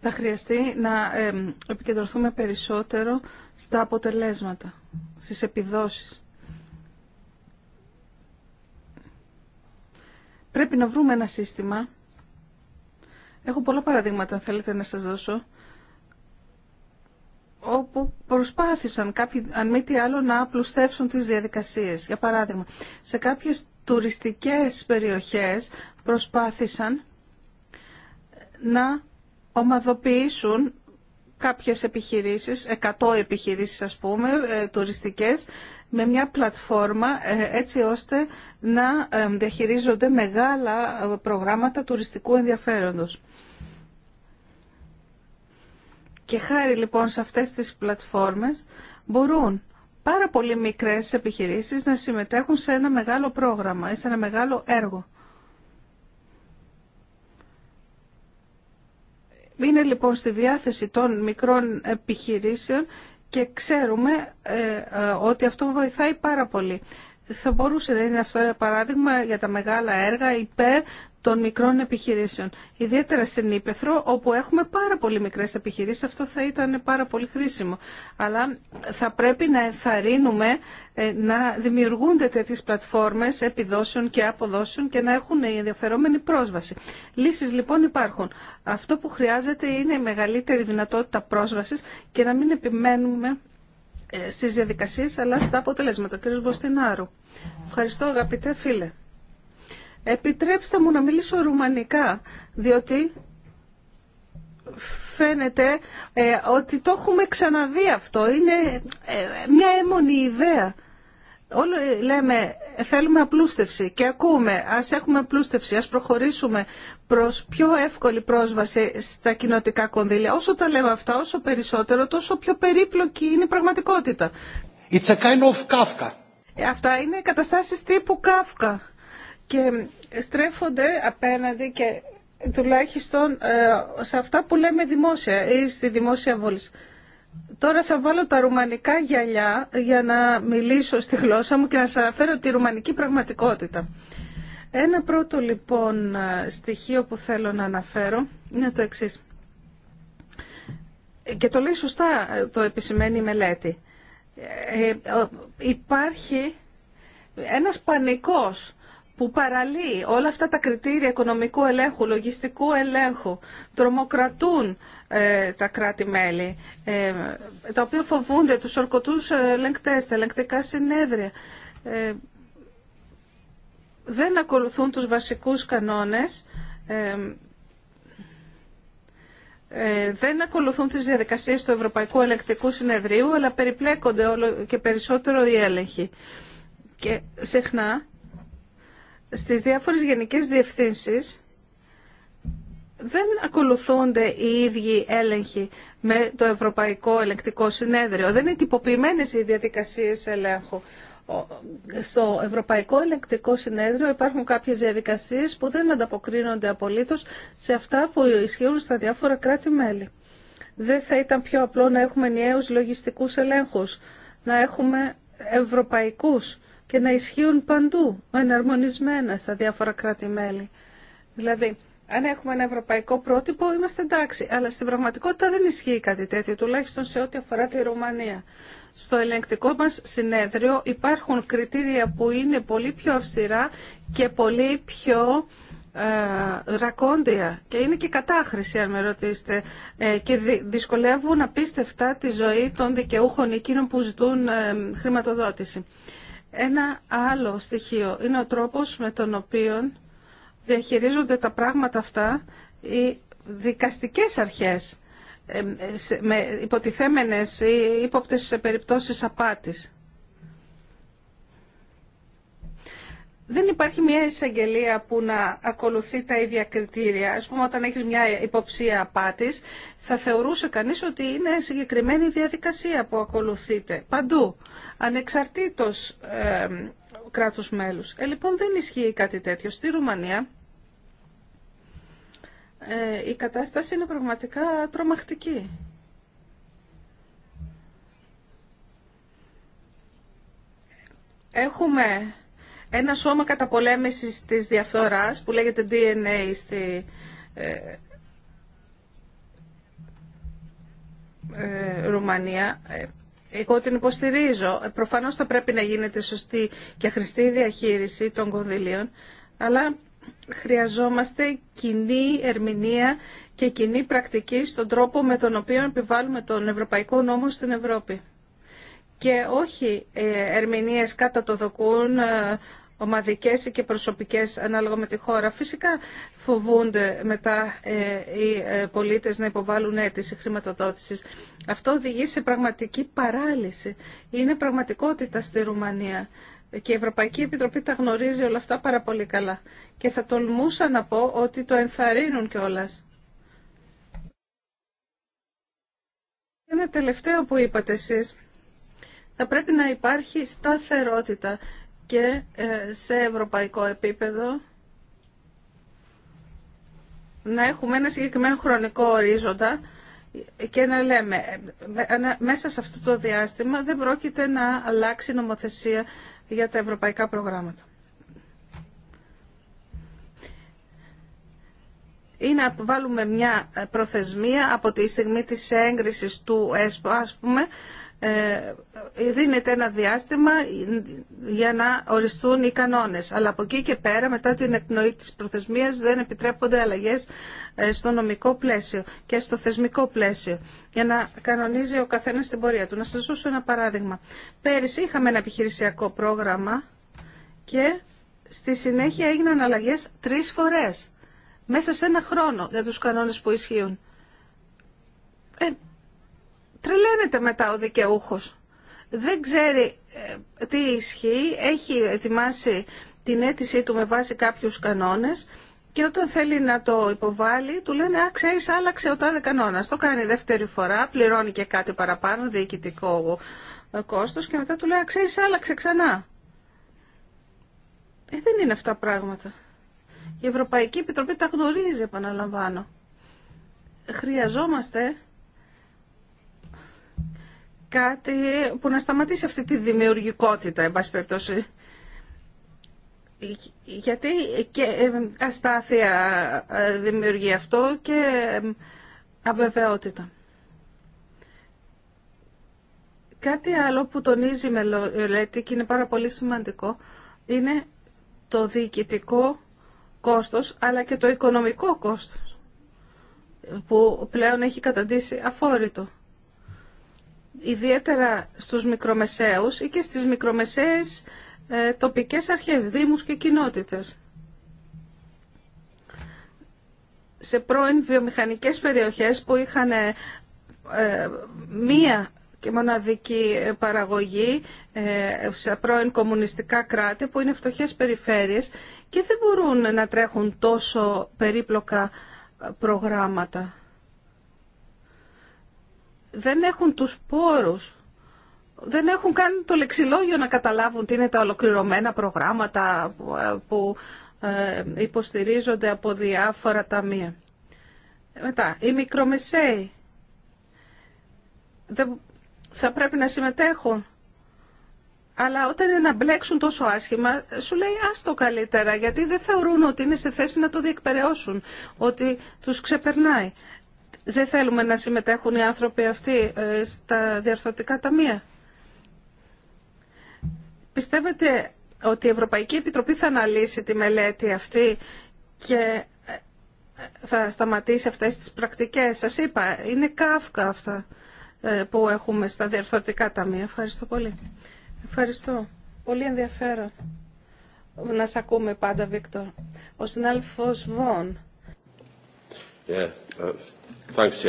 θα χρειαστεί να επικεντρωθούμε περισσότερο στα αποτελέσματα, στις επιδόσεις. Πρέπει να βρούμε ένα σύστημα Έχω πολλά παραδείγματα, αν θέλετε να σας δώσω, όπου προσπάθησαν κάποιοι, αν μη τι άλλο, να απλουστεύσουν τις διαδικασίες. Για παράδειγμα, σε κάποιες τουριστικές περιοχές προσπάθησαν να ομαδοποιήσουν κάποιες επιχειρήσεις, 100 επιχειρήσεις ας πούμε, ε, τουριστικές, με μια πλατφόρμα ε, έτσι ώστε να ε, διαχειρίζονται μεγάλα προγράμματα τουριστικού ενδιαφέροντος. Και χάρη λοιπόν σε αυτές τις πλατφόρμες μπορούν πάρα πολύ μικρές επιχειρήσεις να συμμετέχουν σε ένα μεγάλο πρόγραμμα ή σε ένα μεγάλο έργο. Είναι λοιπόν στη διάθεση των μικρών επιχειρήσεων και ξέρουμε ε, ε, ότι αυτό βοηθάει πάρα πολύ. Θα μπορούσε να είναι αυτό ένα παράδειγμα για τα μεγάλα έργα υπέρ των μικρών επιχειρήσεων. Ιδιαίτερα στην Ήπεθρο, όπου έχουμε πάρα πολύ μικρές επιχειρήσεις, αυτό θα ήταν πάρα πολύ χρήσιμο. Αλλά θα πρέπει να ενθαρρύνουμε ε, να δημιουργούνται τέτοιες πλατφόρμες επιδόσεων και αποδόσεων και να έχουν η ενδιαφερόμενη πρόσβαση. Λύσεις λοιπόν υπάρχουν. Αυτό που χρειάζεται είναι η μεγαλύτερη δυνατότητα πρόσβασης και να μην επιμένουμε ε, στις διαδικασίες αλλά στα αποτελέσματα. Κύριος Μποστινάρου. Ευχαριστώ αγαπητέ φίλε. Επιτρέψτε μου να μιλήσω ρουμανικά, διότι φαίνεται ε, ότι το έχουμε ξαναδεί αυτό. Είναι ε, μια έμονη ιδέα. Όλοι ε, λέμε θέλουμε απλούστευση και ακούμε ας έχουμε απλούστευση, ας προχωρήσουμε προς πιο εύκολη πρόσβαση στα κοινοτικά κονδύλια. Όσο τα λέμε αυτά, όσο περισσότερο, τόσο πιο περίπλοκη είναι η πραγματικότητα. It's a kind of Kafka. Αυτά είναι καταστάσεις τύπου Kafka και στρέφονται απέναντι και τουλάχιστον ε, σε αυτά που λέμε δημόσια ή στη δημόσια βούληση. Τώρα θα βάλω τα ρουμανικά γυαλιά για να μιλήσω στη γλώσσα μου και να σας αναφέρω τη ρουμανική πραγματικότητα. Ένα πρώτο λοιπόν ε, στοιχείο που θέλω να αναφέρω είναι το εξής. Και το λέει σωστά ε, το επισημένη η μελέτη. υπάρχει ένας πανικός που παραλύει όλα αυτά τα κριτήρια οικονομικού ελέγχου, λογιστικού ελέγχου, τρομοκρατούν ε, τα κράτη-μέλη, ε, τα οποία φοβούνται τους ορκωτούς ε, ελεγκτές, τα ελεγκτικά συνέδρια. Ε, δεν ακολουθούν τους βασικούς κανόνες, δεν ακολουθούν τις διαδικασίες του Ευρωπαϊκού Ελεκτικού Συνεδρίου, αλλά περιπλέκονται όλο και περισσότερο οι έλεγχοι. Και συχνά στις διάφορες γενικές διευθύνσεις δεν ακολουθούνται οι ίδιοι έλεγχοι με το Ευρωπαϊκό Ελεκτικό Συνέδριο. Δεν είναι τυποποιημένες οι διαδικασίες ελέγχου. Στο Ευρωπαϊκό Ελεκτικό Συνέδριο υπάρχουν κάποιες διαδικασίες που δεν ανταποκρίνονται απολύτως σε αυτά που ισχύουν στα διάφορα κράτη-μέλη. Δεν θα ήταν πιο απλό να έχουμε νέους λογιστικούς ελέγχους, να έχουμε ευρωπαϊκούς και να ισχύουν παντού, εναρμονισμένα στα διάφορα κράτη-μέλη. Δηλαδή, αν έχουμε ένα ευρωπαϊκό πρότυπο, είμαστε εντάξει. Αλλά στην πραγματικότητα δεν ισχύει κάτι τέτοιο, τουλάχιστον σε ό,τι αφορά τη Ρουμανία. Στο ελεγκτικό μας συνέδριο υπάρχουν κριτήρια που είναι πολύ πιο αυστηρά και πολύ πιο ε, ρακόντια. Και είναι και κατάχρηση, αν με ρωτήσετε. Ε, και δυσκολεύουν απίστευτα τη ζωή των δικαιούχων εκείνων που ζητούν ε, χρηματοδότηση. Ένα άλλο στοιχείο είναι ο τρόπος με τον οποίο διαχειρίζονται τα πράγματα αυτά οι δικαστικές αρχές ε, με υποτιθέμενες ή ύποπτες περιπτώσεις απάτης. δεν υπάρχει μια εισαγγελία που να ακολουθεί τα ίδια κριτήρια. Α πούμε, όταν έχεις μια υποψία απάτης, θα θεωρούσε κανείς ότι είναι συγκεκριμένη διαδικασία που ακολουθείται παντού, ανεξαρτήτως ε, κράτους μέλους. Ε, λοιπόν, δεν ισχύει κάτι τέτοιο. Στη Ρουμανία ε, η κατάσταση είναι πραγματικά τρομακτική. Έχουμε ένα σώμα καταπολέμησης της διαφθοράς που λέγεται DNA στη ε, ε, Ρουμανία. Ε, εγώ την υποστηρίζω. Προφανώς θα πρέπει να γίνεται σωστή και χρηστή διαχείριση των κονδυλίων, αλλά χρειαζόμαστε κοινή ερμηνεία και κοινή πρακτική στον τρόπο με τον οποίο επιβάλλουμε τον Ευρωπαϊκό Νόμο στην Ευρώπη. Και όχι ερμηνείες κατά το δοκούν ομαδικές και προσωπικές ανάλογα με τη χώρα. Φυσικά φοβούνται μετά ε, οι ε, πολίτες να υποβάλουν αίτηση χρηματοδότησης. Αυτό οδηγεί σε πραγματική παράλυση. Είναι πραγματικότητα στη Ρουμανία και η Ευρωπαϊκή Επιτροπή τα γνωρίζει όλα αυτά πάρα πολύ καλά. Και θα τολμούσα να πω ότι το ενθαρρύνουν κιόλα. Ένα τελευταίο που είπατε εσείς. Θα πρέπει να υπάρχει σταθερότητα και ε, σε ευρωπαϊκό επίπεδο να έχουμε ένα συγκεκριμένο χρονικό ορίζοντα και να λέμε μέσα σε αυτό το διάστημα δεν πρόκειται να αλλάξει νομοθεσία για τα ευρωπαϊκά προγράμματα. Ή να βάλουμε μια προθεσμία από τη στιγμή της έγκρισης του ΕΣΠΟ, ας πούμε, ε, δίνεται ένα διάστημα για να οριστούν οι κανόνες. Αλλά από εκεί και πέρα, μετά την εκνοή της προθεσμίας, δεν επιτρέπονται αλλαγές ε, στο νομικό πλαίσιο και στο θεσμικό πλαίσιο για να κανονίζει ο καθένας την πορεία του. Να σας δώσω ένα παράδειγμα. Πέρυσι είχαμε ένα επιχειρησιακό πρόγραμμα και στη συνέχεια έγιναν αλλαγές τρεις φορές μέσα σε ένα χρόνο για τους κανόνες που ισχύουν. Ε, τρελαίνεται μετά ο δικαιούχο. Δεν ξέρει ε, τι ισχύει, έχει ετοιμάσει την αίτησή του με βάση κάποιους κανόνες και όταν θέλει να το υποβάλει, του λένε «Α, ξέρεις, άλλαξε ο τάδε κανόνας». Το κάνει δεύτερη φορά, πληρώνει και κάτι παραπάνω, διοικητικό ε, κόστος και μετά του λέει «Α, ξέρεις, άλλαξε ξανά». Ε, δεν είναι αυτά πράγματα. Η Ευρωπαϊκή Επιτροπή τα γνωρίζει, επαναλαμβάνω. Χρειαζόμαστε κάτι που να σταματήσει αυτή τη δημιουργικότητα, εν Γιατί και ε, αστάθεια ε, δημιουργεί αυτό και ε, αβεβαιότητα. Κάτι άλλο που τονίζει η μελέτη και είναι πάρα πολύ σημαντικό είναι το διοικητικό κόστος αλλά και το οικονομικό κόστος που πλέον έχει καταντήσει αφόρητο ιδιαίτερα στους μικρομεσαίους ή και στις μικρομεσαίες ε, τοπικές αρχές, δήμους και κοινότητες. Σε πρώην βιομηχανικές περιοχές που είχαν ε, ε, μία και μοναδική παραγωγή σε πρώην κομμουνιστικά κράτη που είναι φτωχές περιφέρειες και δεν μπορούν να τρέχουν τόσο περίπλοκα προγράμματα δεν έχουν τους πόρους, δεν έχουν καν το λεξιλόγιο να καταλάβουν τι είναι τα ολοκληρωμένα προγράμματα που ε, ε, υποστηρίζονται από διάφορα ταμεία. Μετά, οι μικρομεσαίοι δεν θα πρέπει να συμμετέχουν. Αλλά όταν είναι να μπλέξουν τόσο άσχημα, σου λέει άστο καλύτερα, γιατί δεν θεωρούν ότι είναι σε θέση να το διεκπαιρεώσουν, ότι τους ξεπερνάει δεν θέλουμε να συμμετέχουν οι άνθρωποι αυτοί ε, στα διαρθρωτικά ταμεία. Πιστεύετε ότι η Ευρωπαϊκή Επιτροπή θα αναλύσει τη μελέτη αυτή και ε, θα σταματήσει αυτές τις πρακτικές. Σας είπα, είναι κάφκα αυτά ε, που έχουμε στα διαρθρωτικά ταμεία. Ευχαριστώ πολύ. Ευχαριστώ. Πολύ ενδιαφέρον να σε ακούμε πάντα, Βίκτορ. Ο συνάδελφος Βόν. Uh, Thanks,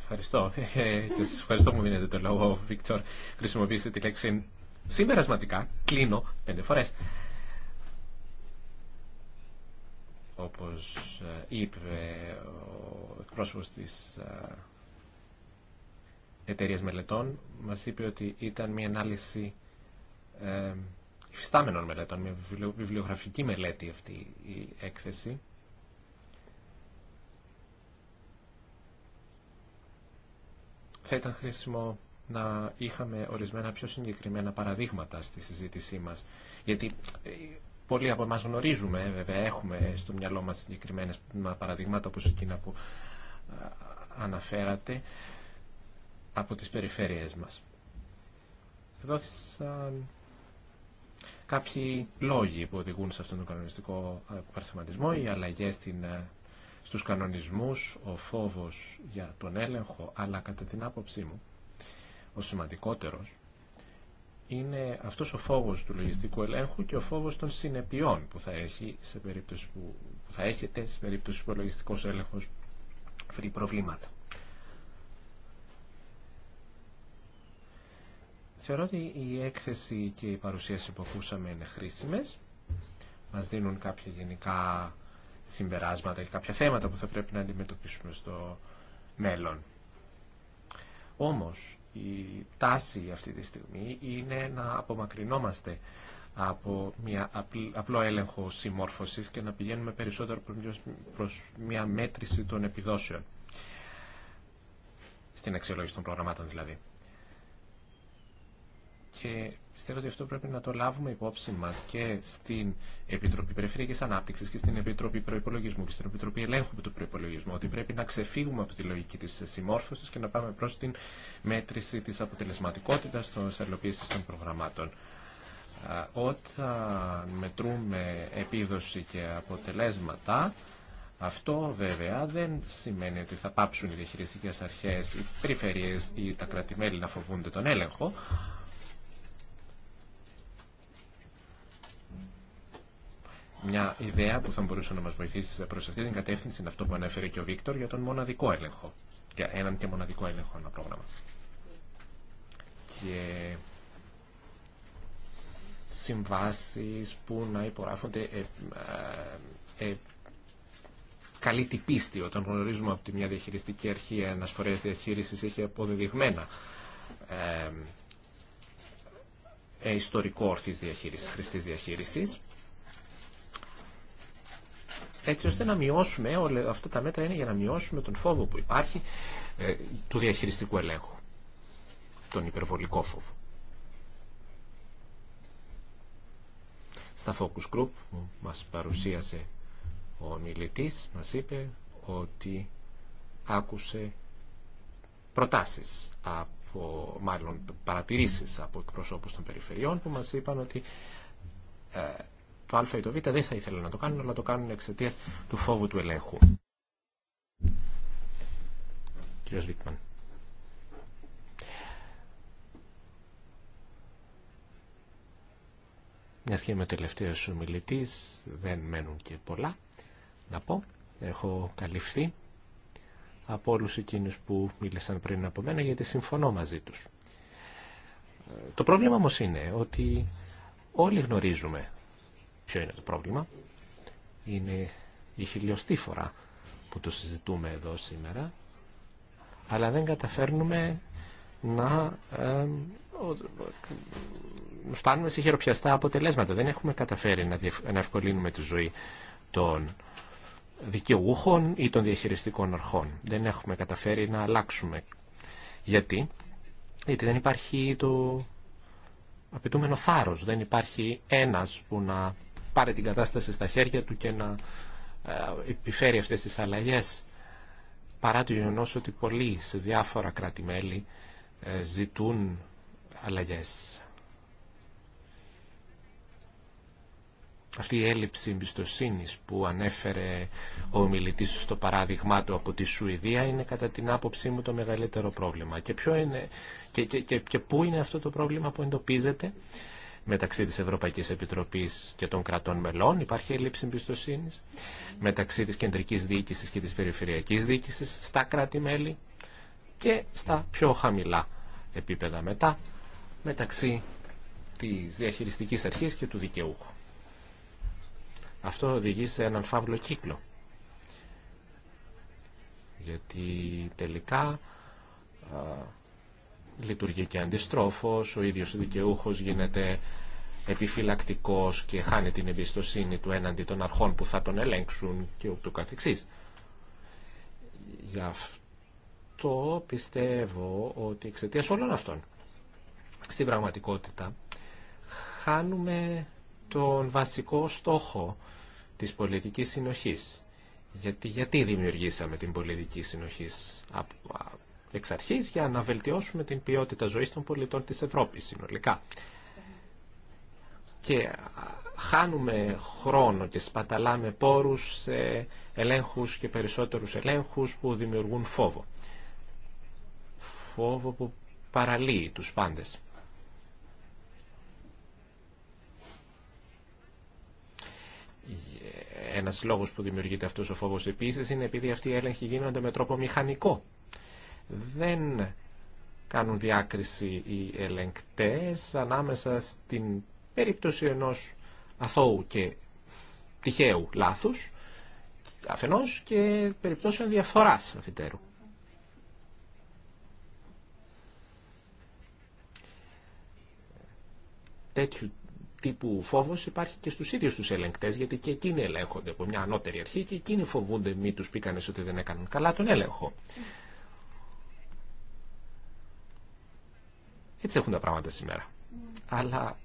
ευχαριστώ. Και ευχαριστώ που μου δίνετε το λόγο, Βίκτορ. Χρησιμοποιήστε τη λέξη συμπερασματικά. Κλείνω πέντε φορές. Όπως ε, είπε ο εκπρόσωπος της ε, εταιρείας μελετών, μας είπε ότι ήταν μια ανάλυση ε, υφιστάμενων μελετών, μια βιβλιογραφική μελέτη αυτή η έκθεση θα ήταν χρήσιμο να είχαμε ορισμένα πιο συγκεκριμένα παραδείγματα στη συζήτησή μας. Γιατί ε, πολλοί από εμάς γνωρίζουμε, βέβαια, έχουμε στο μυαλό μας συγκεκριμένα παραδείγματα όπως εκείνα που ε, αναφέρατε από τις περιφέρειές μας. Δόθησαν κάποιοι λόγοι που οδηγούν σε αυτόν τον κανονιστικό ε, παρθυματισμό, οι αλλαγές στην στους κανονισμούς, ο φόβος για τον έλεγχο, αλλά κατά την άποψή μου, ο σημαντικότερος, είναι αυτός ο φόβος του λογιστικού ελέγχου και ο φόβος των συνεπειών που θα, έχει σε περίπτωση που, θα έχετε σε περίπτωση που ο λογιστικός έλεγχος βρει προβλήματα. Θεωρώ ότι η έκθεση και η παρουσίαση που ακούσαμε είναι χρήσιμες. Μας δίνουν κάποια γενικά συμπεράσματα και κάποια θέματα που θα πρέπει να αντιμετωπίσουμε στο μέλλον. Όμως η τάση αυτή τη στιγμή είναι να απομακρυνόμαστε από μια απλό έλεγχο συμμόρφωσης και να πηγαίνουμε περισσότερο προς μια μέτρηση των επιδόσεων. Στην αξιολόγηση των προγραμμάτων δηλαδή. Και Πιστεύω ότι αυτό πρέπει να το λάβουμε υπόψη μα και στην Επιτροπή Περιφερειακή Ανάπτυξη και στην Επιτροπή Προπολογισμού και στην Επιτροπή Ελέγχου του Προπολογισμού. Ότι πρέπει να ξεφύγουμε από τη λογική τη συμμόρφωση και να πάμε προ την μέτρηση τη αποτελεσματικότητα των ελοποίηση των προγραμμάτων. Όταν μετρούμε επίδοση και αποτελέσματα, αυτό βέβαια δεν σημαίνει ότι θα πάψουν οι διαχειριστικέ αρχέ, οι περιφέρειε ή τα κρατημέλη να φοβούνται τον έλεγχο Μια ιδέα που θα μπορούσε να μας βοηθήσει σε αυτή την κατεύθυνση είναι αυτό που ανέφερε και ο Βίκτορ για τον μοναδικό έλεγχο. Για έναν και μοναδικό έλεγχο ένα πρόγραμμα. Και συμβάσεις που να υπογράφονται ε, ε, ε, καλή την πίστη όταν γνωρίζουμε από τη μια διαχειριστική αρχή ένας φορέας διαχείρισης έχει αποδεδειγμένα ε, ιστορικό ορθής διαχείρισης, χρηστής διαχείρισης έτσι ώστε να μειώσουμε, όλα αυτά τα μέτρα είναι για να μειώσουμε τον φόβο που υπάρχει ε, του διαχειριστικού ελέγχου, τον υπερβολικό φόβο. Στα Focus Group που μας παρουσίασε ο μιλητής, μας είπε ότι άκουσε προτάσεις από, μάλλον παρατηρήσεις από εκπροσώπους των περιφερειών που μας είπαν ότι ε, το Α ή το Β δεν θα ήθελαν να το κάνουν, αλλά το κάνουν εξαιτία του φόβου του ελέγχου. Κύριος Βίτμαν. Μια και είμαι ο τελευταίος ομιλητής, δεν μένουν και πολλά να πω. Έχω καλυφθεί από όλους εκείνους που μίλησαν πριν από μένα γιατί συμφωνώ μαζί τους. Ε, το πρόβλημα όμως είναι ότι όλοι γνωρίζουμε Ποιο είναι το πρόβλημα. Είναι η χιλιοστή που το συζητούμε εδώ σήμερα, αλλά δεν καταφέρνουμε να φτάνουμε σε χειροπιαστά αποτελέσματα. Δεν έχουμε καταφέρει να ευκολύνουμε τη ζωή των δικαιούχων ή των διαχειριστικών αρχών. Δεν έχουμε καταφέρει να αλλάξουμε. Γιατί? Γιατί δεν υπάρχει το απαιτούμενο θάρρος. Δεν υπάρχει ένας που να πάρει την κατάσταση στα χέρια του και να ε, επιφέρει αυτές τις αλλαγές παρά το γεγονό ότι πολλοί σε διάφορα κράτη-μέλη ε, ζητούν αλλαγές. Αυτή η έλλειψη εμπιστοσύνη που ανέφερε ο μιλητής στο παράδειγμά του από τη Σουηδία είναι κατά την άποψή μου το μεγαλύτερο πρόβλημα. Και, είναι, και, και, και, και πού είναι αυτό το πρόβλημα που εντοπίζεται, μεταξύ της Ευρωπαϊκής Επιτροπής και των κρατών μελών, υπάρχει έλλειψη εμπιστοσύνη, μεταξύ της κεντρικής διοίκησης και της περιφερειακής διοίκησης, στα κράτη-μέλη και στα πιο χαμηλά επίπεδα μετά, μεταξύ της διαχειριστικής αρχής και του δικαιούχου. Αυτό οδηγεί σε έναν φαύλο κύκλο. Γιατί τελικά λειτουργεί και αντιστρόφως, ο ίδιος ο δικαιούχος γίνεται επιφυλακτικός και χάνει την εμπιστοσύνη του έναντι των αρχών που θα τον ελέγξουν και ούτω καθεξής. Γι' αυτό πιστεύω ότι εξαιτία όλων αυτών στην πραγματικότητα χάνουμε τον βασικό στόχο της πολιτικής συνοχής. Γιατί, γιατί δημιουργήσαμε την πολιτική συνοχής εξ αρχής για να βελτιώσουμε την ποιότητα ζωής των πολιτών της Ευρώπης συνολικά. Και χάνουμε χρόνο και σπαταλάμε πόρους σε ελέγχους και περισσότερους ελέγχους που δημιουργούν φόβο. Φόβο που παραλύει τους πάντες. Ένας λόγος που δημιουργείται αυτός ο φόβος επίσης είναι επειδή αυτοί οι έλεγχοι γίνονται με τρόπο μηχανικό δεν κάνουν διάκριση οι ελεγκτές ανάμεσα στην περίπτωση ενός αθώου και τυχαίου λάθους αφενός και περιπτώσεων διαφθοράς αφιτέρου. Τέτοιου τύπου φόβος υπάρχει και στους ίδιους τους ελεγκτές γιατί και εκείνοι ελέγχονται από μια ανώτερη αρχή και εκείνοι φοβούνται μη τους πήκανες ότι δεν έκαναν καλά τον έλεγχο. Έτσι έχουν τα πράγματα σήμερα. Αλλά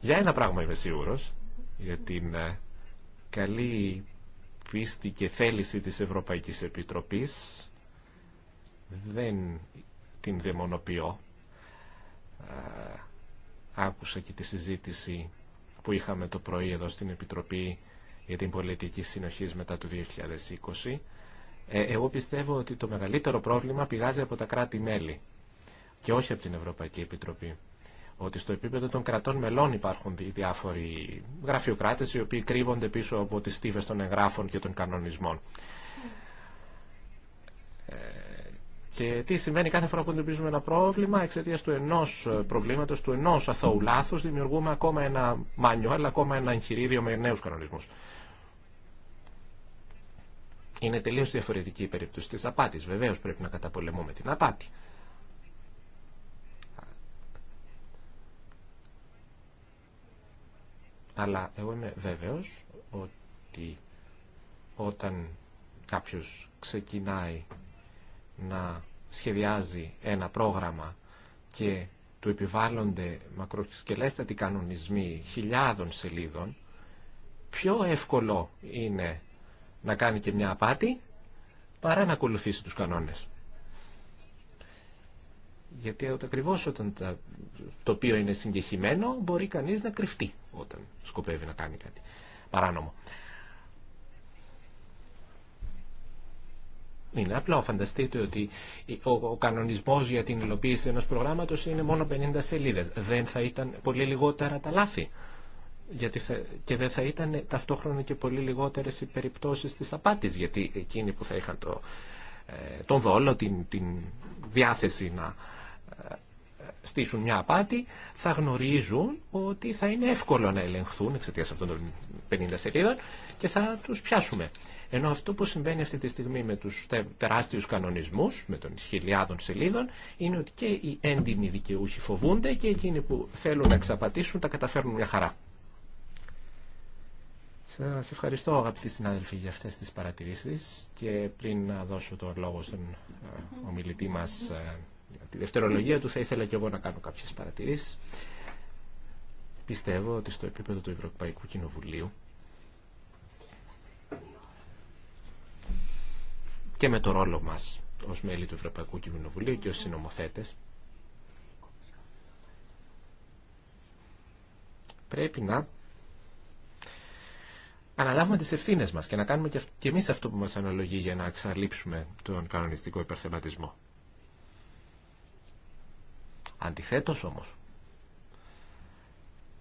για ένα πράγμα είμαι σίγουρος, για την ε, καλή πίστη και θέληση της Ευρωπαϊκής Επιτροπής δεν την δαιμονοποιώ. Ε, άκουσα και τη συζήτηση που είχαμε το πρωί εδώ στην Επιτροπή για την πολιτική συνοχής μετά το 2020 ε, εγώ πιστεύω ότι το μεγαλύτερο πρόβλημα πηγάζει από τα κράτη-μέλη και όχι από την Ευρωπαϊκή Επιτροπή. Ότι στο επίπεδο των κρατών μελών υπάρχουν οι διάφοροι γραφειοκράτε οι οποίοι κρύβονται πίσω από τι στίβε των εγγράφων και των κανονισμών. Ε, και τι σημαίνει κάθε φορά που αντιμετωπίζουμε ένα πρόβλημα, εξαιτία του ενό ε, προβλήματο, του ενό αθώου λάθου, δημιουργούμε ακόμα ένα μάνιο, αλλά ακόμα ένα εγχειρίδιο με νέου κανονισμού. Είναι τελείως διαφορετική η περίπτωση της απάτης. Βεβαίω πρέπει να καταπολεμούμε την απάτη. Αλλά εγώ είμαι βέβαιος ότι όταν κάποιο ξεκινάει να σχεδιάζει ένα πρόγραμμα και του επιβάλλονται μακροσκελέστατοι κανονισμοί χιλιάδων σελίδων, πιο εύκολο είναι να κάνει και μια απάτη παρά να ακολουθήσει τους κανόνες. Γιατί ακριβώ όταν το οποίο είναι συγκεχημένο μπορεί κανείς να κρυφτεί όταν σκοπεύει να κάνει κάτι παράνομο. Είναι απλό. Φανταστείτε ότι ο κανονισμός για την υλοποίηση ενός προγράμματος είναι μόνο 50 σελίδες. Δεν θα ήταν πολύ λιγότερα τα λάθη γιατί θα, και δεν θα ήταν ταυτόχρονα και πολύ λιγότερες οι περιπτώσεις της απάτης γιατί εκείνοι που θα είχαν το, ε, τον δόλο, την, την διάθεση να ε, στήσουν μια απάτη θα γνωρίζουν ότι θα είναι εύκολο να ελεγχθούν εξαιτία αυτών των 50 σελίδων και θα τους πιάσουμε. Ενώ αυτό που συμβαίνει αυτή τη στιγμή με τους τεράστιους κανονισμούς, με των χιλιάδων σελίδων, είναι ότι και οι έντιμοι δικαιούχοι φοβούνται και εκείνοι που θέλουν να εξαπατήσουν τα καταφέρνουν μια χαρά. Σας ευχαριστώ αγαπητοί συνάδελφοι για αυτές τις παρατηρήσεις και πριν να δώσω τον λόγο στον ε, ομιλητή μας ε, για τη δευτερολογία του θα ήθελα και εγώ να κάνω κάποιες παρατηρήσεις. Πιστεύω ότι στο επίπεδο του Ευρωπαϊκού Κοινοβουλίου και με το ρόλο μας ως μέλη του Ευρωπαϊκού Κοινοβουλίου και ως συνομοθέτες πρέπει να αναλάβουμε τις ευθύνε μας και να κάνουμε και εμείς αυτό που μας αναλογεί για να εξαλείψουμε τον κανονιστικό υπερθεματισμό. Αντιθέτως όμως,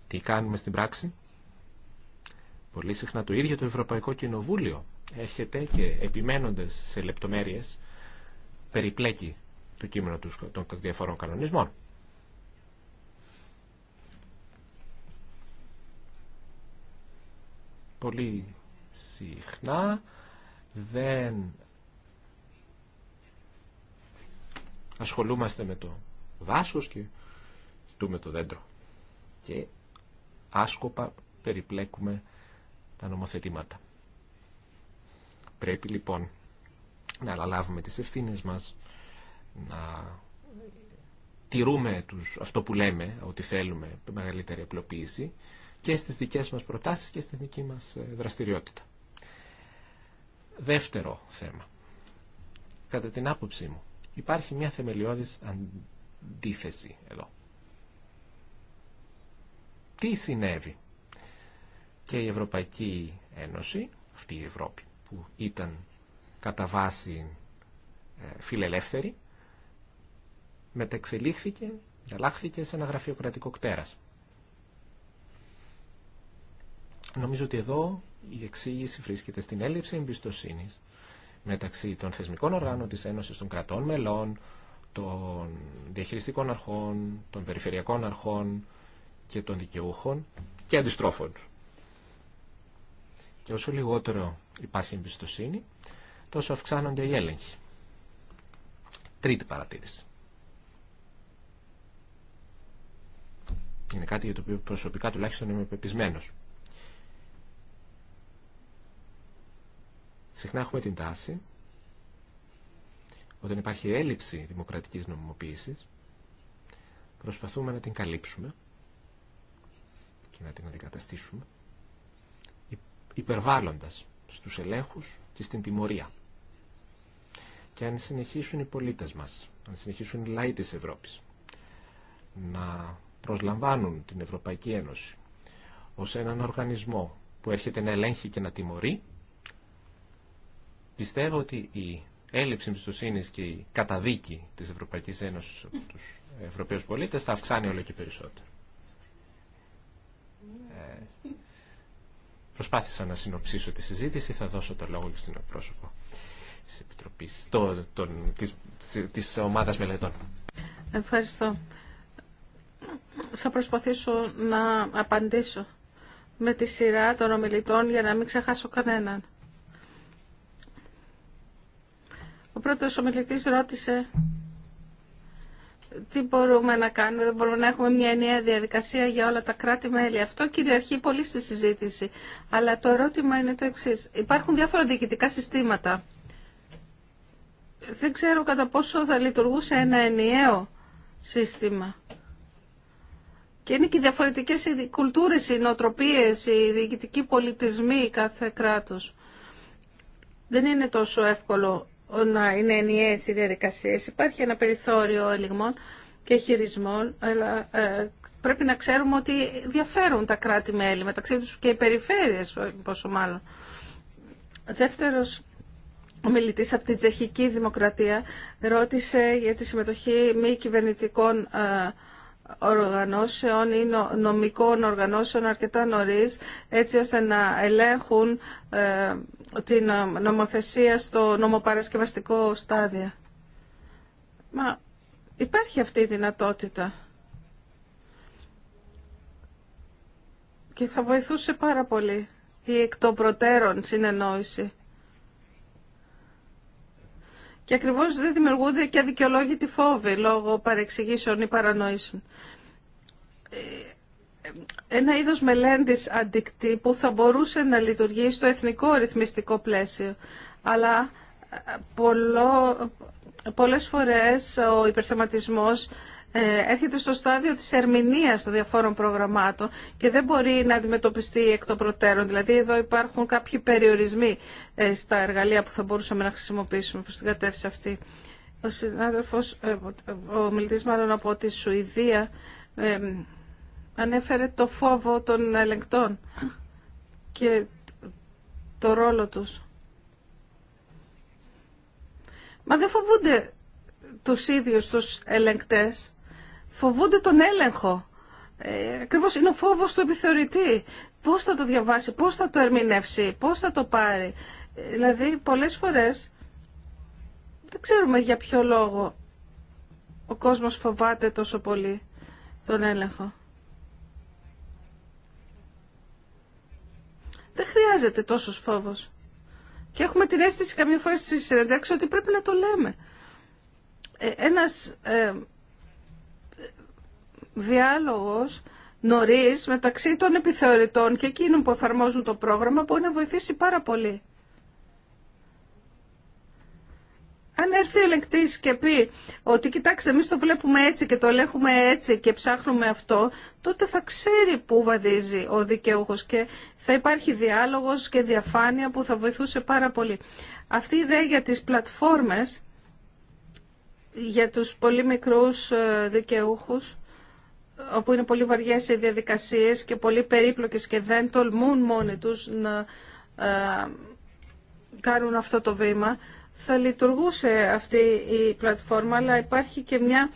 τι κάνουμε στην πράξη? Πολύ συχνά το ίδιο το Ευρωπαϊκό Κοινοβούλιο έρχεται και επιμένοντας σε λεπτομέρειες περιπλέκει το κείμενο των διαφορών κανονισμών. πολύ συχνά δεν ασχολούμαστε με το δάσος και κοιτούμε το δέντρο. Και άσκοπα περιπλέκουμε τα νομοθετήματα. Πρέπει λοιπόν να αναλάβουμε τις ευθύνες μας, να τηρούμε τους, αυτό που λέμε, ότι θέλουμε μεγαλύτερη απλοποίηση και στις δικές μας προτάσεις και στη δική μας ε, δραστηριότητα. Δεύτερο θέμα. Κατά την άποψή μου, υπάρχει μια θεμελιώδης αντίθεση εδώ. Τι συνέβη και η Ευρωπαϊκή Ένωση, αυτή η Ευρώπη που ήταν κατά βάση ε, φιλελεύθερη, μεταξελίχθηκε, αλλάχθηκε σε ένα γραφειοκρατικό κτέρας. Νομίζω ότι εδώ η εξήγηση βρίσκεται στην έλλειψη εμπιστοσύνη μεταξύ των θεσμικών οργάνων της Ένωσης των κρατών μελών, των διαχειριστικών αρχών, των περιφερειακών αρχών και των δικαιούχων και αντιστρόφων. Και όσο λιγότερο υπάρχει εμπιστοσύνη, τόσο αυξάνονται οι έλεγχοι. Τρίτη παρατήρηση. Είναι κάτι για το οποίο προσωπικά τουλάχιστον είμαι πεπισμένος. συχνά έχουμε την τάση όταν υπάρχει έλλειψη δημοκρατικής νομιμοποίησης προσπαθούμε να την καλύψουμε και να την αντικαταστήσουμε υπερβάλλοντας στους ελέγχους και στην τιμωρία. Και αν συνεχίσουν οι πολίτες μας, αν συνεχίσουν οι λαοί της Ευρώπης να προσλαμβάνουν την Ευρωπαϊκή Ένωση ως έναν οργανισμό που έρχεται να ελέγχει και να τιμωρεί, Πιστεύω ότι η έλλειψη εμπιστοσύνη και η καταδίκη τη Ευρωπαϊκή Ένωση από του Ευρωπαίου πολίτε θα αυξάνει όλο και περισσότερο. Ε, προσπάθησα να συνοψίσω τη συζήτηση, θα δώσω το λόγο και στην εκπρόσωπο τη Επιτροπή, τη ομάδα μελετών. Ευχαριστώ. Θα προσπαθήσω να απαντήσω με τη σειρά των ομιλητών για να μην ξεχάσω κανέναν. Ο πρώτος ομιλητής ρώτησε τι μπορούμε να κάνουμε, δεν μπορούμε να έχουμε μια ενιαία διαδικασία για όλα τα κράτη-μέλη. Αυτό κυριαρχεί πολύ στη συζήτηση. Αλλά το ερώτημα είναι το εξή. Υπάρχουν διάφορα διοικητικά συστήματα. Δεν ξέρω κατά πόσο θα λειτουργούσε ένα ενιαίο σύστημα. Και είναι και διαφορετικέ οι κουλτούρες, οι νοοτροπίε, οι διοικητικοί πολιτισμοί κάθε κράτο Δεν είναι τόσο εύκολο να είναι ενιαίες οι διαδικασίες. Υπάρχει ένα περιθώριο ελιγμών και χειρισμών, αλλά ε, πρέπει να ξέρουμε ότι διαφέρουν τα κράτη-μέλη μεταξύ τους και οι περιφέρειες πόσο μάλλον. Δεύτερος ο μιλητής από την Τσεχική Δημοκρατία ρώτησε για τη συμμετοχή μη κυβερνητικών ε, οργανώσεων ή νομικών οργανώσεων αρκετά νωρίς έτσι ώστε να ελέγχουν ε, την ε, νομοθεσία στο νομοπαρασκευαστικό στάδιο. Μα υπάρχει αυτή η δυνατότητα και θα βοηθούσε πάρα πολύ η εκ των προτέρων συνεννόηση και ακριβώ δεν δημιουργούνται και αδικαιολόγητοι φόβοι λόγω παρεξηγήσεων ή παρανοήσεων. Ε, ένα είδος αντικτή που θα μπορούσε να λειτουργεί στο εθνικό ρυθμιστικό πλαίσιο, αλλά ε, πολλέ ε, πολλές φορές ο υπερθεματισμός ε, έρχεται στο στάδιο της ερμηνείας των διαφόρων προγραμμάτων και δεν μπορεί να αντιμετωπιστεί εκ των προτέρων. Δηλαδή εδώ υπάρχουν κάποιοι περιορισμοί ε, στα εργαλεία που θα μπορούσαμε να χρησιμοποιήσουμε προς την κατεύθυνση αυτή. Ο συνάδελφος, ε, ο μιλητής μάλλον από τη Σουηδία, ανέφερε το φόβο των ελεγκτών και το ρόλο τους. Μα δεν φοβούνται τους ίδιους τους ελεγκτές φοβούνται τον έλεγχο. Ε, ακριβώς είναι ο φόβος του επιθεωρητή. Πώς θα το διαβάσει, πώς θα το ερμηνεύσει, πώς θα το πάρει. Ε, δηλαδή πολλές φορές δεν ξέρουμε για ποιο λόγο ο κόσμος φοβάται τόσο πολύ τον έλεγχο. Δεν χρειάζεται τόσος φόβος. Και έχουμε την αίσθηση καμιά φορά στις ότι πρέπει να το λέμε. Ε, ένας ε, διάλογος νωρίς μεταξύ των επιθεωρητών και εκείνων που εφαρμόζουν το πρόγραμμα μπορεί να βοηθήσει πάρα πολύ. Αν έρθει ο ελεκτή και πει ότι κοιτάξτε, εμεί το βλέπουμε έτσι και το ελέγχουμε έτσι και ψάχνουμε αυτό, τότε θα ξέρει πού βαδίζει ο δικαιούχο και θα υπάρχει διάλογο και διαφάνεια που θα βοηθούσε πάρα πολύ. Αυτή η ιδέα για τι πλατφόρμε για τους πολύ μικρούς ε, δικαιούχους όπου είναι πολύ βαριές οι διαδικασίες και πολύ περίπλοκες και δεν τολμούν μόνοι τους να ε, κάνουν αυτό το βήμα. Θα λειτουργούσε αυτή η πλατφόρμα, αλλά υπάρχει και μια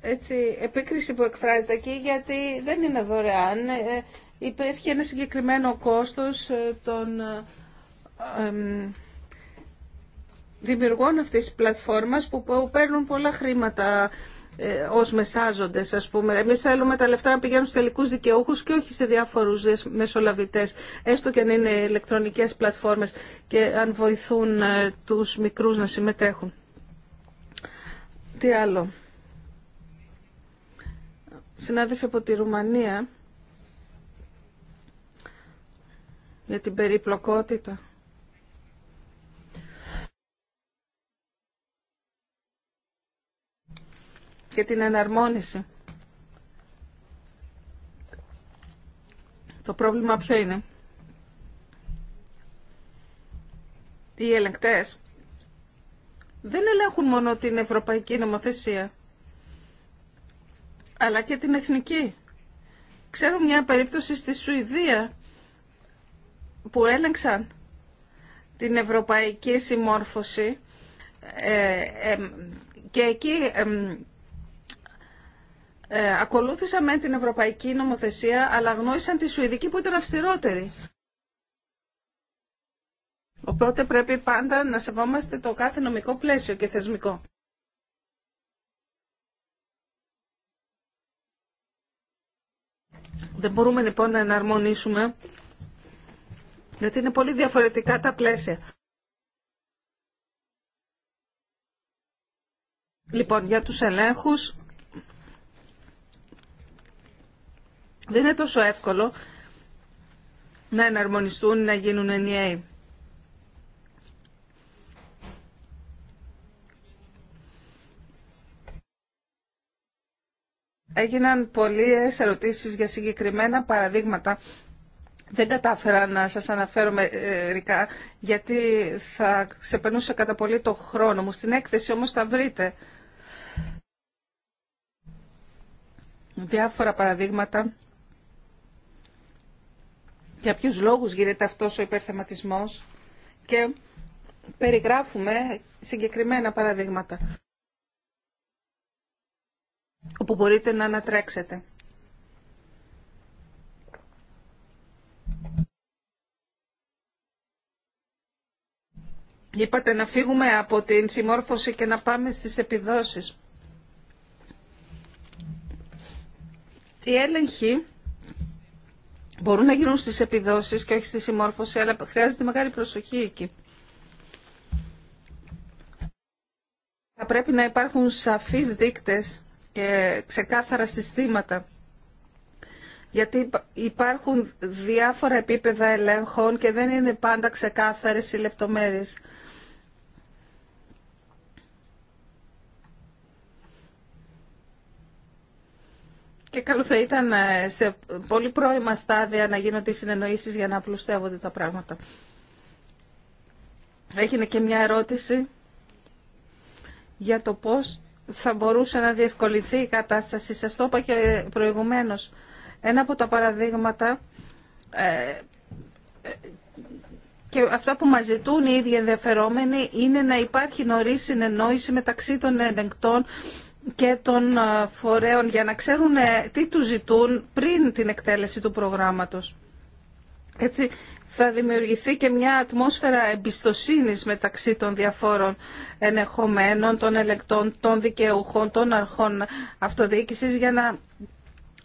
έτσι, επίκριση που εκφράζεται εκεί, γιατί δεν είναι δωρεάν. Ε, Υπήρχε ένα συγκεκριμένο κόστος ε, των δημιουργών αυτής της πλατφόρμας που παίρνουν πολλά χρήματα ε, ω μεσάζοντες ας πούμε. Εμείς θέλουμε τα λεφτά να πηγαίνουν στους τελικού δικαιούχου και όχι σε διάφορους μεσολαβητές, έστω και αν είναι ηλεκτρονικές πλατφόρμες και αν βοηθούν ε, τους μικρούς να συμμετέχουν. Τι άλλο. Συνάδελφοι από τη Ρουμανία για την περιπλοκότητα και την εναρμόνιση. Το πρόβλημα ποιο είναι. Οι ελεγκτές δεν ελέγχουν μόνο την ευρωπαϊκή νομοθεσία, αλλά και την εθνική. Ξέρω μια περίπτωση στη Σουηδία που έλεγξαν την ευρωπαϊκή συμμόρφωση ε, ε και εκεί ε, ε, την ευρωπαϊκή νομοθεσία, αλλά γνώρισαν τη Σουηδική που ήταν αυστηρότερη. Οπότε πρέπει πάντα να σεβόμαστε το κάθε νομικό πλαίσιο και θεσμικό. Δεν μπορούμε λοιπόν να εναρμονίσουμε, γιατί είναι πολύ διαφορετικά τα πλαίσια. Λοιπόν, για τους ελέγχους Δεν είναι τόσο εύκολο να εναρμονιστούν, να γίνουν ενιαίοι. Έγιναν πολλές ερωτήσεις για συγκεκριμένα παραδείγματα. Δεν κατάφερα να σας αναφέρω μερικά, ε, γιατί θα ξεπερνούσε κατά πολύ το χρόνο μου. Στην έκθεση όμως θα βρείτε διάφορα παραδείγματα για ποιους λόγους γίνεται αυτός ο υπερθεματισμός και περιγράφουμε συγκεκριμένα παραδείγματα όπου μπορείτε να ανατρέξετε. Είπατε να φύγουμε από την συμμόρφωση και να πάμε στις επιδόσεις. Η έλεγχη μπορούν να γίνουν στις επιδόσεις και όχι στη συμμόρφωση, αλλά χρειάζεται μεγάλη προσοχή εκεί. Θα πρέπει να υπάρχουν σαφείς δείκτες και ξεκάθαρα συστήματα. Γιατί υπάρχουν διάφορα επίπεδα ελέγχων και δεν είναι πάντα ξεκάθαρες οι λεπτομέρειες. και καλό θα ήταν ε, σε πολύ πρώιμα στάδια να γίνονται οι συνεννοήσεις για να απλουστεύονται τα πράγματα. Έγινε και μια ερώτηση για το πώς θα μπορούσε να διευκολυνθεί η κατάσταση. Σας το είπα και προηγουμένως. Ένα από τα παραδείγματα ε, ε, και αυτά που μας ζητούν οι ίδιοι ενδιαφερόμενοι είναι να υπάρχει νωρί συνεννόηση μεταξύ των ελεγκτών και των ε, φορέων για να ξέρουν ε, τι τους ζητούν πριν την εκτέλεση του προγράμματος. Έτσι θα δημιουργηθεί και μια ατμόσφαιρα εμπιστοσύνης μεταξύ των διαφόρων ενεχομένων, των ελεκτών, των δικαιούχων, των αρχών αυτοδιοίκησης για να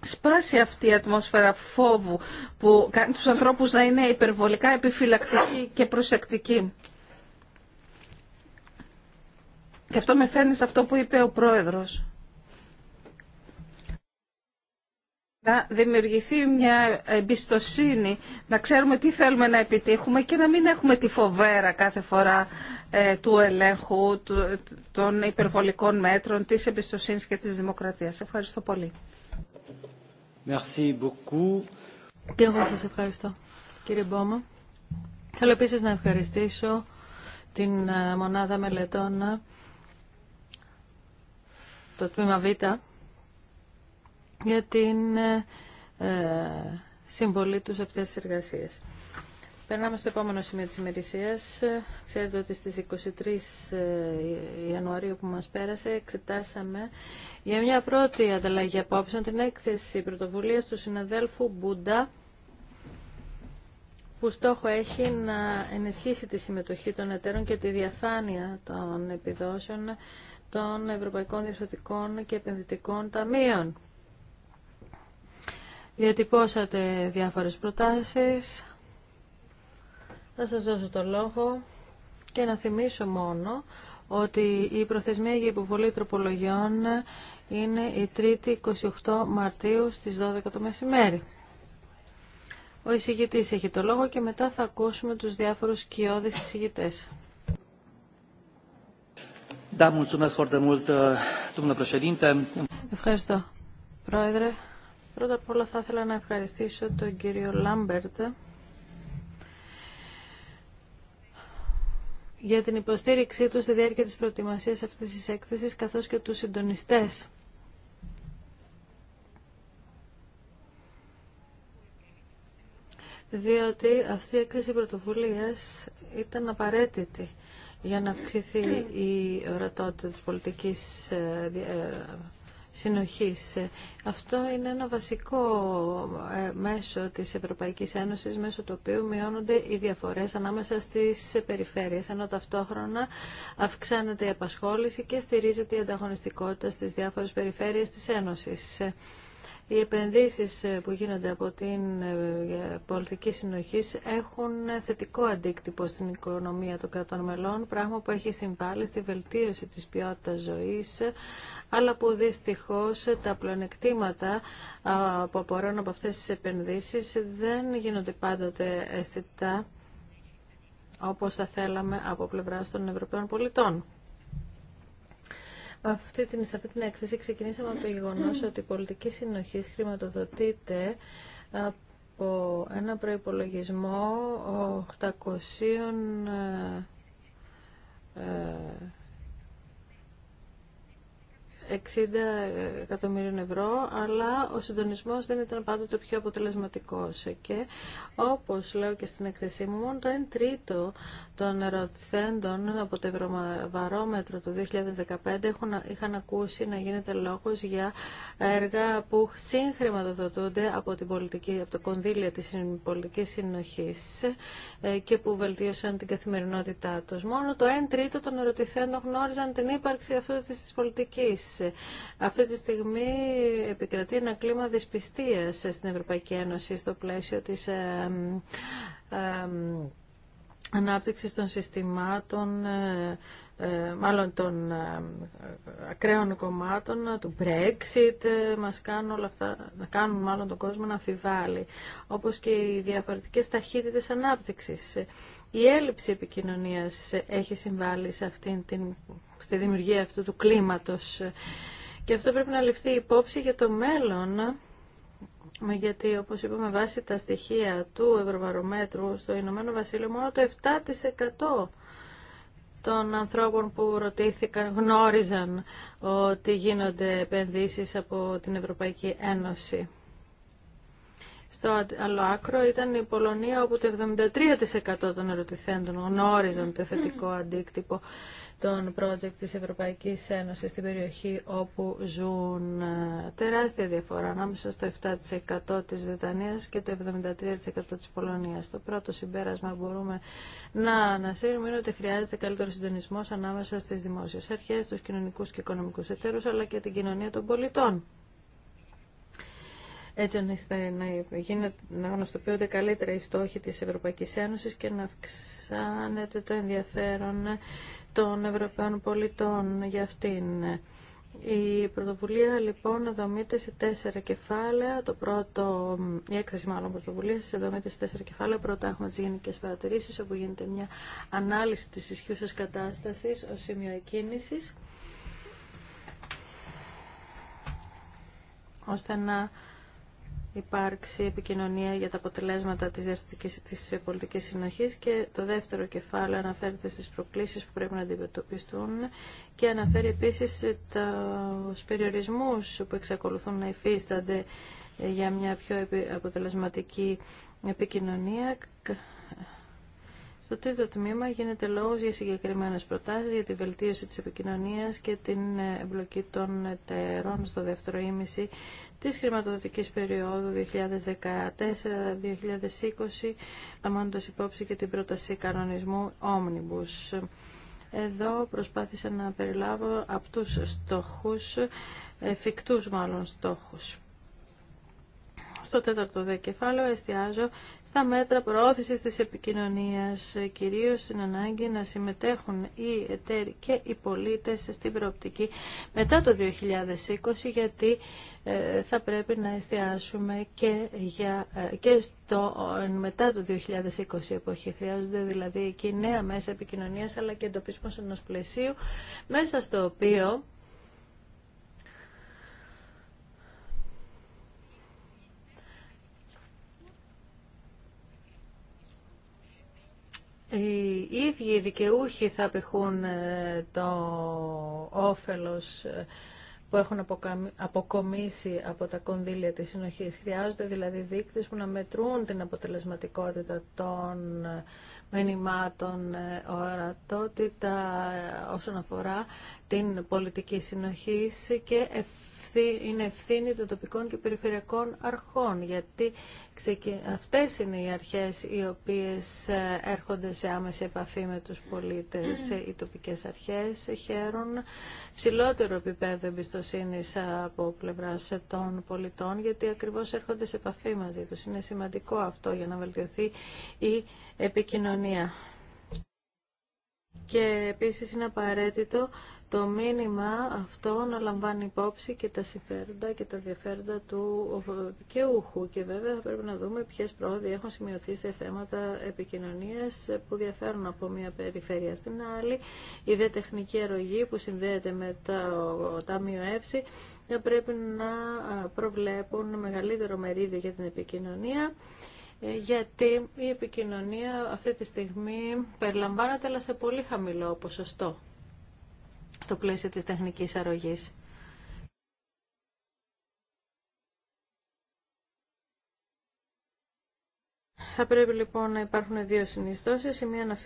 σπάσει αυτή η ατμόσφαιρα φόβου που κάνει τους ανθρώπους να είναι υπερβολικά επιφυλακτικοί και προσεκτικοί. Και αυτό με φέρνει σε αυτό που είπε ο πρόεδρος. Να δημιουργηθεί μια εμπιστοσύνη, να ξέρουμε τι θέλουμε να επιτύχουμε και να μην έχουμε τη φοβέρα κάθε φορά ε, του ελέγχου, του, των υπερβολικών μέτρων, της εμπιστοσύνης και της δημοκρατίας. Ευχαριστώ πολύ. Merci beaucoup. Και εγώ σας ευχαριστώ, κύριε Μπόμα. Θέλω επίσης να ευχαριστήσω την ε, Μονάδα Μελετών ε, το τμήμα Β για την ε, ε, συμβολή τους σε αυτές τις εργασίες. Περνάμε στο επόμενο σημείο της ημερησίας. Ξέρετε ότι στις 23 ε, Ιανουαρίου που μας πέρασε εξετάσαμε για μια πρώτη ανταλλαγή απόψεων την έκθεση πρωτοβουλίας του συναδέλφου Μπούντα που στόχο έχει να ενισχύσει τη συμμετοχή των εταίρων και τη διαφάνεια των επιδόσεων των Ευρωπαϊκών Διευθυντικών και Επενδυτικών Ταμείων. Διατυπώσατε διάφορες προτάσεις. Θα σας δώσω το λόγο και να θυμίσω μόνο ότι η προθεσμία για υποβολή τροπολογιών είναι η 3η 28 Μαρτίου στις 12 το μεσημέρι. Ο εισηγητής έχει το λόγο και μετά θα ακούσουμε τους διάφορους κοιόδες εισηγητές. Uh, Ευχαριστώ, πρόεδρε. Πρώτα απ' όλα θα ήθελα να ευχαριστήσω τον κύριο Λάμπερτ για την υποστήριξή του στη διάρκεια της προετοιμασίας αυτής της έκθεσης, καθώς και τους συντονιστές. Διότι αυτή η έκθεση πρωτοβουλίας ήταν απαραίτητη για να αυξηθεί η ορατότητα της πολιτικής ε, ε, συνοχής. Αυτό είναι ένα βασικό ε, μέσο της Ευρωπαϊκής Ένωσης, μέσω του οποίου μειώνονται οι διαφορές ανάμεσα στις περιφέρειες, ενώ ταυτόχρονα αυξάνεται η απασχόληση και στηρίζεται η ανταγωνιστικότητα στις διάφορες περιφέρειες της Ένωσης. Οι επενδύσεις ε, που γίνονται από την ε, πολιτική συνοχή έχουν θετικό αντίκτυπο στην οικονομία των κρατών μελών, πράγμα που έχει συμβάλει στη βελτίωση της ποιότητας ζωής, αλλά που δυστυχώς τα πλονεκτήματα που απορρέουν από αυτές τις επενδύσεις δεν γίνονται πάντοτε αισθητά όπως θα θέλαμε από πλευράς των Ευρωπαίων πολιτών. Αυτή την, σε αυτή την έκθεση ξεκινήσαμε από το γεγονό ότι η πολιτική συνοχή χρηματοδοτείται από ένα προπολογισμό 800 60 εκατομμύριων ευρώ, αλλά ο συντονισμός δεν ήταν πάντοτε πιο αποτελεσματικό. Και όπως λέω και στην εκθεσή μου, μόνο το 1 τρίτο των ερωτηθέντων από το Ευρωβαρόμετρο του 2015 έχουν, είχαν ακούσει να γίνεται λόγος για έργα που συγχρηματοδοτούνται από, την πολιτική, από το κονδύλιο της πολιτικής συνοχής ε, και που βελτίωσαν την καθημερινότητά τους. Μόνο το 1 τρίτο των ερωτηθέντων γνώριζαν την ύπαρξη αυτής της πολιτικής αυτή τη στιγμή επικρατεί ένα κλίμα δυσπιστίας στην Ευρωπαϊκή Ένωση στο πλαίσιο της ε, ε, ανάπτυξης των συστημάτων, ε, μάλλον των ακραίων κομμάτων, του Brexit, μας κάνουν όλα αυτά, να κάνουν μάλλον τον κόσμο να αμφιβάλλει, όπως και οι διαφορετικές ταχύτητες ανάπτυξης. Η έλλειψη επικοινωνίας έχει συμβάλει σε αυτήν την στη δημιουργία αυτού του κλίματος. Και αυτό πρέπει να ληφθεί υπόψη για το μέλλον, γιατί όπως είπαμε βάσει τα στοιχεία του Ευρωβαρομέτρου στο Ηνωμένο Βασίλειο μόνο το 7% των ανθρώπων που ρωτήθηκαν γνώριζαν ότι γίνονται επενδύσεις από την Ευρωπαϊκή Ένωση. Στο άλλο άκρο ήταν η Πολωνία όπου το 73% των ερωτηθέντων γνώριζαν το θετικό αντίκτυπο των project της Ευρωπαϊκής Ένωσης στην περιοχή όπου ζουν ε, τεράστια διαφορά ανάμεσα στο 7% της Βρετανίας και το 73% της Πολωνίας. Το πρώτο συμπέρασμα που μπορούμε να ανασύρουμε είναι ότι χρειάζεται καλύτερο συντονισμό ανάμεσα στις δημόσιες αρχές, τους κοινωνικούς και οικονομικούς εταίρους αλλά και την κοινωνία των πολιτών έτσι να, να γνωστοποιούνται καλύτερα οι στόχοι της Ευρωπαϊκής Ένωσης και να αυξάνεται το ενδιαφέρον των Ευρωπαίων πολιτών για αυτήν. Η πρωτοβουλία λοιπόν δομείται σε τέσσερα κεφάλαια. Το πρώτο, η έκθεση μάλλον πρωτοβουλία δομείται σε τέσσερα κεφάλαια. Πρώτα έχουμε τι γενικέ παρατηρήσει, όπου γίνεται μια ανάλυση τη ισχύουσα κατάσταση ω σημείο εκκίνηση, ώστε να υπάρξει επικοινωνία για τα αποτελέσματα της, της πολιτικής συνοχής και το δεύτερο κεφάλαιο αναφέρεται στις προκλήσεις που πρέπει να αντιμετωπιστούν και αναφέρει επίσης τους περιορισμούς που εξακολουθούν να υφίστανται για μια πιο αποτελεσματική επικοινωνία στο τρίτο τμήμα γίνεται λόγος για συγκεκριμένες προτάσεις για τη βελτίωση της επικοινωνίας και την ε, εμπλοκή των εταιρών στο δεύτερο ήμιση της χρηματοδοτικής περίοδου 2014-2020, λαμβάνοντας υπόψη και την πρόταση κανονισμού Omnibus. Εδώ προσπάθησα να περιλάβω απτούς στόχους, εφικτούς μάλλον στόχους. Στο τέταρτο δε κεφάλαιο εστιάζω στα μέτρα προώθησης της επικοινωνίας, κυρίως στην ανάγκη να συμμετέχουν οι εταίροι και οι πολίτες στην προοπτική μετά το 2020, γιατί ε, θα πρέπει να εστιάσουμε και, για, ε, και στο ε, μετά το 2020 εποχή. Χρειάζονται δηλαδή και νέα μέσα επικοινωνίας, αλλά και εντοπισμός ενός πλαισίου, μέσα στο οποίο οι ίδιοι δικαιούχοι θα απειχούν ε, το όφελος ε, που έχουν αποκομίσει από τα κονδύλια της συνοχής. Χρειάζονται δηλαδή δείκτες που να μετρούν την αποτελεσματικότητα των ε, μηνυμάτων ορατότητα όσον αφορά την πολιτική συνοχής και είναι ευθύνη των τοπικών και περιφερειακών αρχών, γιατί αυτές είναι οι αρχές οι οποίες ε, έρχονται σε άμεση επαφή με τους πολίτες. Οι τοπικές αρχές χαίρουν ψηλότερο επίπεδο εμπιστοσύνη από πλευρά των πολιτών, γιατί ακριβώς έρχονται σε επαφή μαζί τους. Είναι σημαντικό αυτό για να βελτιωθεί η επικοινωνία. Και επίσης είναι απαραίτητο το μήνυμα αυτό να λαμβάνει υπόψη και τα συμφέροντα και τα ενδιαφέροντα του δικαιούχου. Και βέβαια θα πρέπει να δούμε ποιες πρόοδοι έχουν σημειωθεί σε θέματα επικοινωνίας που διαφέρουν από μια περιφέρεια στην άλλη. Η δε τεχνική αρρωγή που συνδέεται με το Ταμείο Εύση θα πρέπει να προβλέπουν μεγαλύτερο μερίδιο για την επικοινωνία ε, γιατί η επικοινωνία αυτή τη στιγμή περιλαμβάνεται αλλά σε πολύ χαμηλό ποσοστό στο πλαίσιο της τεχνικής αρρωγής. Θα πρέπει λοιπόν να υπάρχουν δύο συνιστώσεις. Η μία να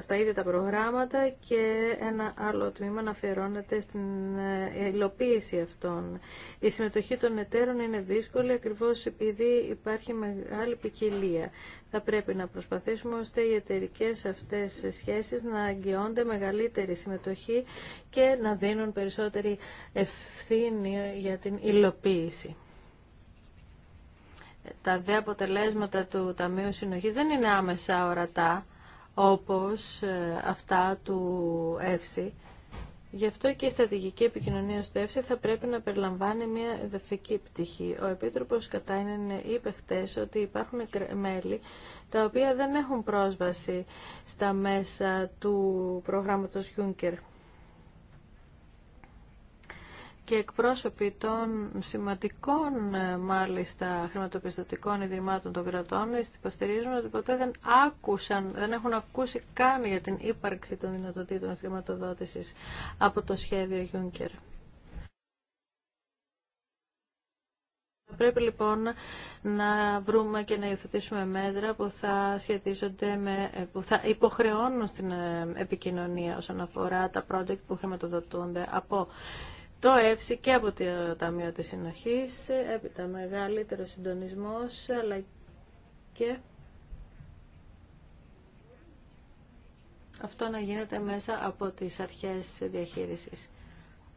στα, ίδια τα προγράμματα και ένα άλλο τμήμα να αφιερώνεται στην ε, υλοποίηση αυτών. Η συμμετοχή των εταίρων είναι δύσκολη ακριβώς επειδή υπάρχει μεγάλη ποικιλία. Θα πρέπει να προσπαθήσουμε ώστε οι εταιρικέ αυτές σχέσεις να αγκαιώνται μεγαλύτερη συμμετοχή και να δίνουν περισσότερη ευθύνη για την υλοποίηση τα δε αποτελέσματα του Ταμείου Συνοχής δεν είναι άμεσα ορατά όπως ε, αυτά του ΕΦΣΥ. Γι' αυτό και η στρατηγική επικοινωνία στο ΕΦΣΥ θα πρέπει να περιλαμβάνει μια δεφική πτυχή. Ο Επίτροπος Κατάινεν είπε χτες ότι υπάρχουν μέλη τα οποία δεν έχουν πρόσβαση στα μέσα του προγράμματος Juncker και εκπρόσωποι των σημαντικών ε, μάλιστα χρηματοπιστωτικών ιδρυμάτων των κρατών υποστηρίζουν ότι ποτέ δεν άκουσαν, δεν έχουν ακούσει καν για την ύπαρξη των δυνατοτήτων χρηματοδότησης από το σχέδιο Juncker. Πρέπει λοιπόν να βρούμε και να υιοθετήσουμε μέτρα που θα σχετίζονται με, ε, που θα υποχρεώνουν στην ε, επικοινωνία όσον αφορά τα project που χρηματοδοτούνται από το ΕΦΣΙ και από το Ταμείο της Συνοχής, έπειτα μεγαλύτερο συντονισμός, αλλά και αυτό να γίνεται μέσα από τις αρχές διαχείρισης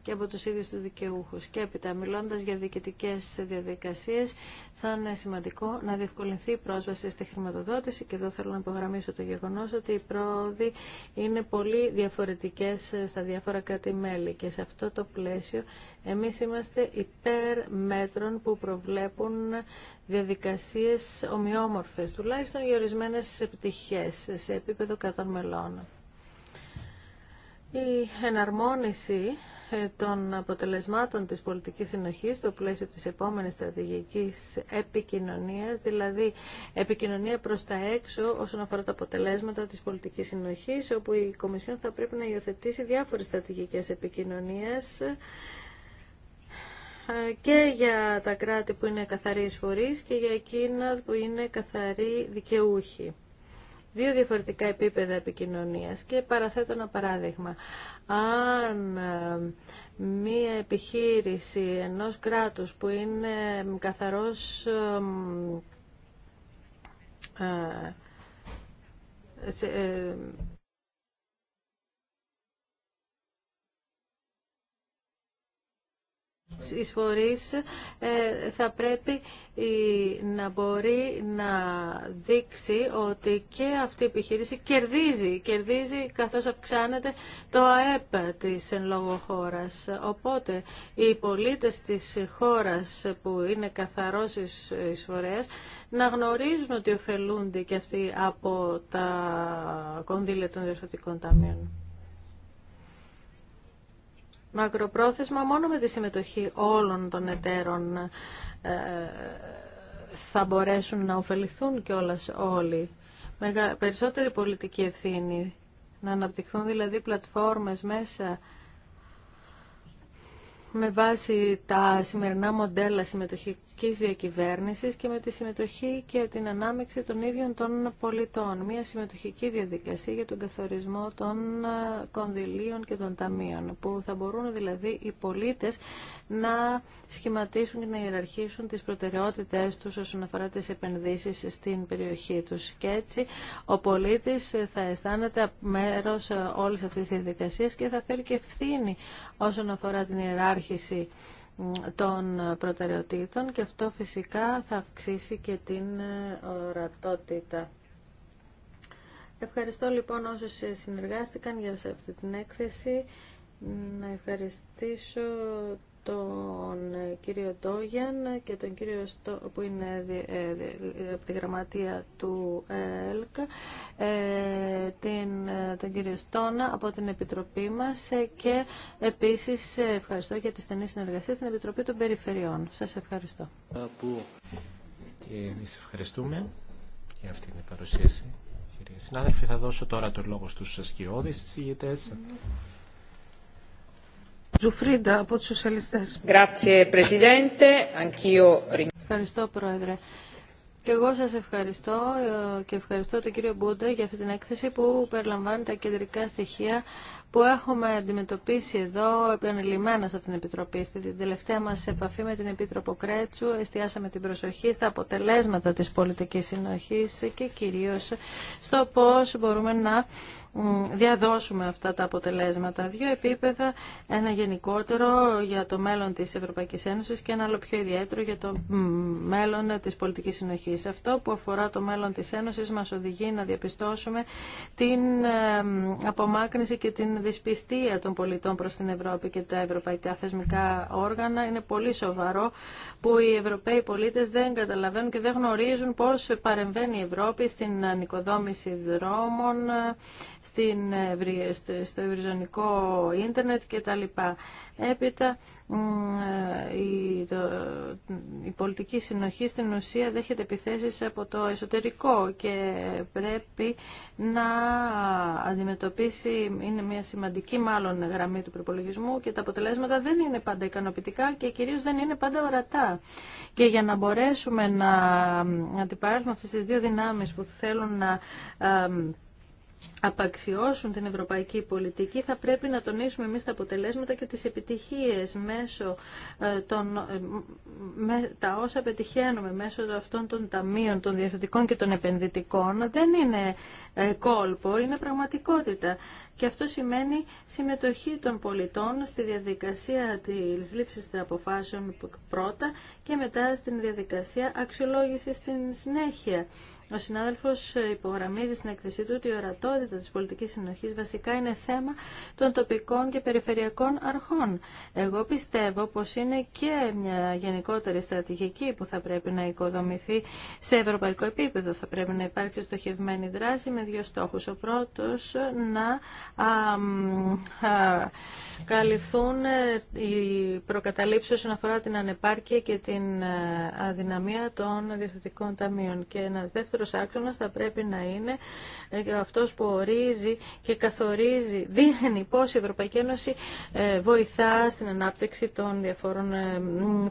και από τους ίδιους του δικαιούχους. Και έπειτα, μιλώντας για διοικητικές διαδικασίες, θα είναι σημαντικό να διευκολυνθεί η πρόσβαση στη χρηματοδότηση και εδώ θέλω να υπογραμμίσω το γεγονός ότι οι πρόοδοι είναι πολύ διαφορετικές στα διάφορα κράτη-μέλη και σε αυτό το πλαίσιο εμείς είμαστε υπέρ μέτρων που προβλέπουν διαδικασίες ομοιόμορφες, τουλάχιστον για ορισμένε επιτυχίες σε επίπεδο κρατών μελών. Η εναρμόνιση ε, των αποτελεσμάτων της πολιτικής συνοχής στο πλαίσιο της επόμενης στρατηγικής επικοινωνίας, δηλαδή επικοινωνία προς τα έξω όσον αφορά τα αποτελέσματα της πολιτικής συνοχής, όπου η Κομισιόν θα πρέπει να υιοθετήσει διάφορες στρατηγικές επικοινωνίες ε, και για τα κράτη που είναι καθαροί εισφορείς και για εκείνα που είναι καθαροί δικαιούχοι δύο διαφορετικά επίπεδα επικοινωνίας και παραθέτω ένα παράδειγμα. Αν ε, μία επιχείρηση ενός κράτους που είναι καθαρός ε, ε, εισφορείς ε, θα πρέπει να μπορεί να δείξει ότι και αυτή η επιχείρηση κερδίζει, κερδίζει καθώς αυξάνεται το ΑΕΠ της εν λόγω χώρας. Οπότε οι πολίτες της χώρας που είναι καθαρός εισφορέας να γνωρίζουν ότι ωφελούνται και αυτοί από τα κονδύλια των διορθωτικών ταμείων μακροπρόθεσμα μόνο με τη συμμετοχή όλων των εταίρων ε, θα μπορέσουν να ωφεληθούν κιόλας όλοι. Μεγα, περισσότερη πολιτική ευθύνη, να αναπτυχθούν δηλαδή πλατφόρμες μέσα με βάση τα σημερινά μοντέλα συμμετοχή διακυβέρνησης και με τη συμμετοχή και την ανάμεξη των ίδιων των πολιτών. Μια συμμετοχική διαδικασία για τον καθορισμό των ε, κονδυλίων και των ταμείων, που θα μπορούν δηλαδή οι πολίτες να σχηματίσουν και να ιεραρχήσουν τις προτεραιότητες τους όσον αφορά τις επενδύσεις στην περιοχή τους. Και έτσι ο πολίτης θα αισθάνεται μέρος όλης αυτής της διαδικασίας και θα φέρει και ευθύνη όσον αφορά την ιεράρχηση των προτεραιοτήτων και αυτό φυσικά θα αυξήσει και την ε, ορατότητα. Ευχαριστώ λοιπόν όσους συνεργάστηκαν για αυτή την έκθεση. Να ευχαριστήσω τον ε, κύριο Τόγιαν και τον κύριο που είναι ε, ε, από τη γραμματεία του ΕΛΚ, την, τον κύριο Στόνα από την Επιτροπή μας και επίσης ευχαριστώ για τη στενή συνεργασία στην Επιτροπή των Περιφερειών. Σας ευχαριστώ. Και εμείς ευχαριστούμε για αυτή την παρουσίαση. Κύριε συνάδελφοι, θα δώσω τώρα το λόγο στους ασκηώδεις συζητητές. Mm Ζουφρίντα από τους Σοσιαλιστές. Ευχαριστώ, Πρόεδρε. Και εγώ σας ευχαριστώ ε, και ευχαριστώ τον κύριο Μπούντα για αυτή την έκθεση που περιλαμβάνει τα κεντρικά στοιχεία που έχουμε αντιμετωπίσει εδώ επανειλημμένα σε αυτήν την Επιτροπή. Στην τελευταία μας επαφή με την Επίτροπο Κρέτσου εστιάσαμε την προσοχή στα αποτελέσματα της πολιτικής συνοχής και κυρίως στο πώς μπορούμε να διαδώσουμε αυτά τα αποτελέσματα. Δύο επίπεδα, ένα γενικότερο για το μέλλον της Ευρωπαϊκής Ένωσης και ένα άλλο πιο ιδιαίτερο για το μέλλον της πολιτικής συνοχής. Αυτό που αφορά το μέλλον της Ένωσης μας οδηγεί να διαπιστώσουμε την ε, απομάκρυνση και την δυσπιστία των πολιτών προς την Ευρώπη και τα ευρωπαϊκά θεσμικά όργανα. Είναι πολύ σοβαρό που οι Ευρωπαίοι πολίτες δεν καταλαβαίνουν και δεν γνωρίζουν πώς παρεμβαίνει η Ευρώπη στην ανοικοδόμηση δρόμων, στην, στο ευρυζωνικό ίντερνετ κτλ. Έπειτα ε, η, το, η πολιτική συνοχή στην ουσία δέχεται επιθέσεις από το εσωτερικό και πρέπει να αντιμετωπίσει, είναι μια σημαντική μάλλον γραμμή του προπολογισμού και τα αποτελέσματα δεν είναι πάντα ικανοποιητικά και κυρίως δεν είναι πάντα ορατά. Και για να μπορέσουμε να αντιπαράσουμε αυτές τις δύο δυνάμεις που θέλουν να ε, απαξιώσουν την ευρωπαϊκή πολιτική θα πρέπει να τονίσουμε εμείς τα αποτελέσματα και τις επιτυχίες μέσω ε, των, ε, τα όσα πετυχαίνουμε μέσω αυτών των ταμείων, των διευθυντικών και των επενδυτικών δεν είναι ε, κόλπο, είναι πραγματικότητα και αυτό σημαίνει συμμετοχή των πολιτών στη διαδικασία της λήψης των αποφάσεων πρώτα και μετά στην διαδικασία αξιολόγησης στην συνέχεια. Ο συνάδελφος υπογραμμίζει στην εκθεσή του ότι η ορατότητα τη πολιτική συνοχή βασικά είναι θέμα των τοπικών και περιφερειακών αρχών. Εγώ πιστεύω πως είναι και μια γενικότερη στρατηγική που θα πρέπει να οικοδομηθεί σε ευρωπαϊκό επίπεδο. Θα πρέπει να υπάρξει στοχευμένη δράση με δύο στόχους. Ο πρώτος να καλυφθούν ε, οι προκαταλήψει όσον αφορά την ανεπάρκεια και την ε, αδυναμία των διευθυντικών ταμείων. Και ένα δεύτερος άξονας θα πρέπει να είναι ε, αυτός που ορίζει και καθορίζει, δείχνει πώς η Ευρωπαϊκή Ένωση ε, βοηθά στην ανάπτυξη των διαφόρων ε,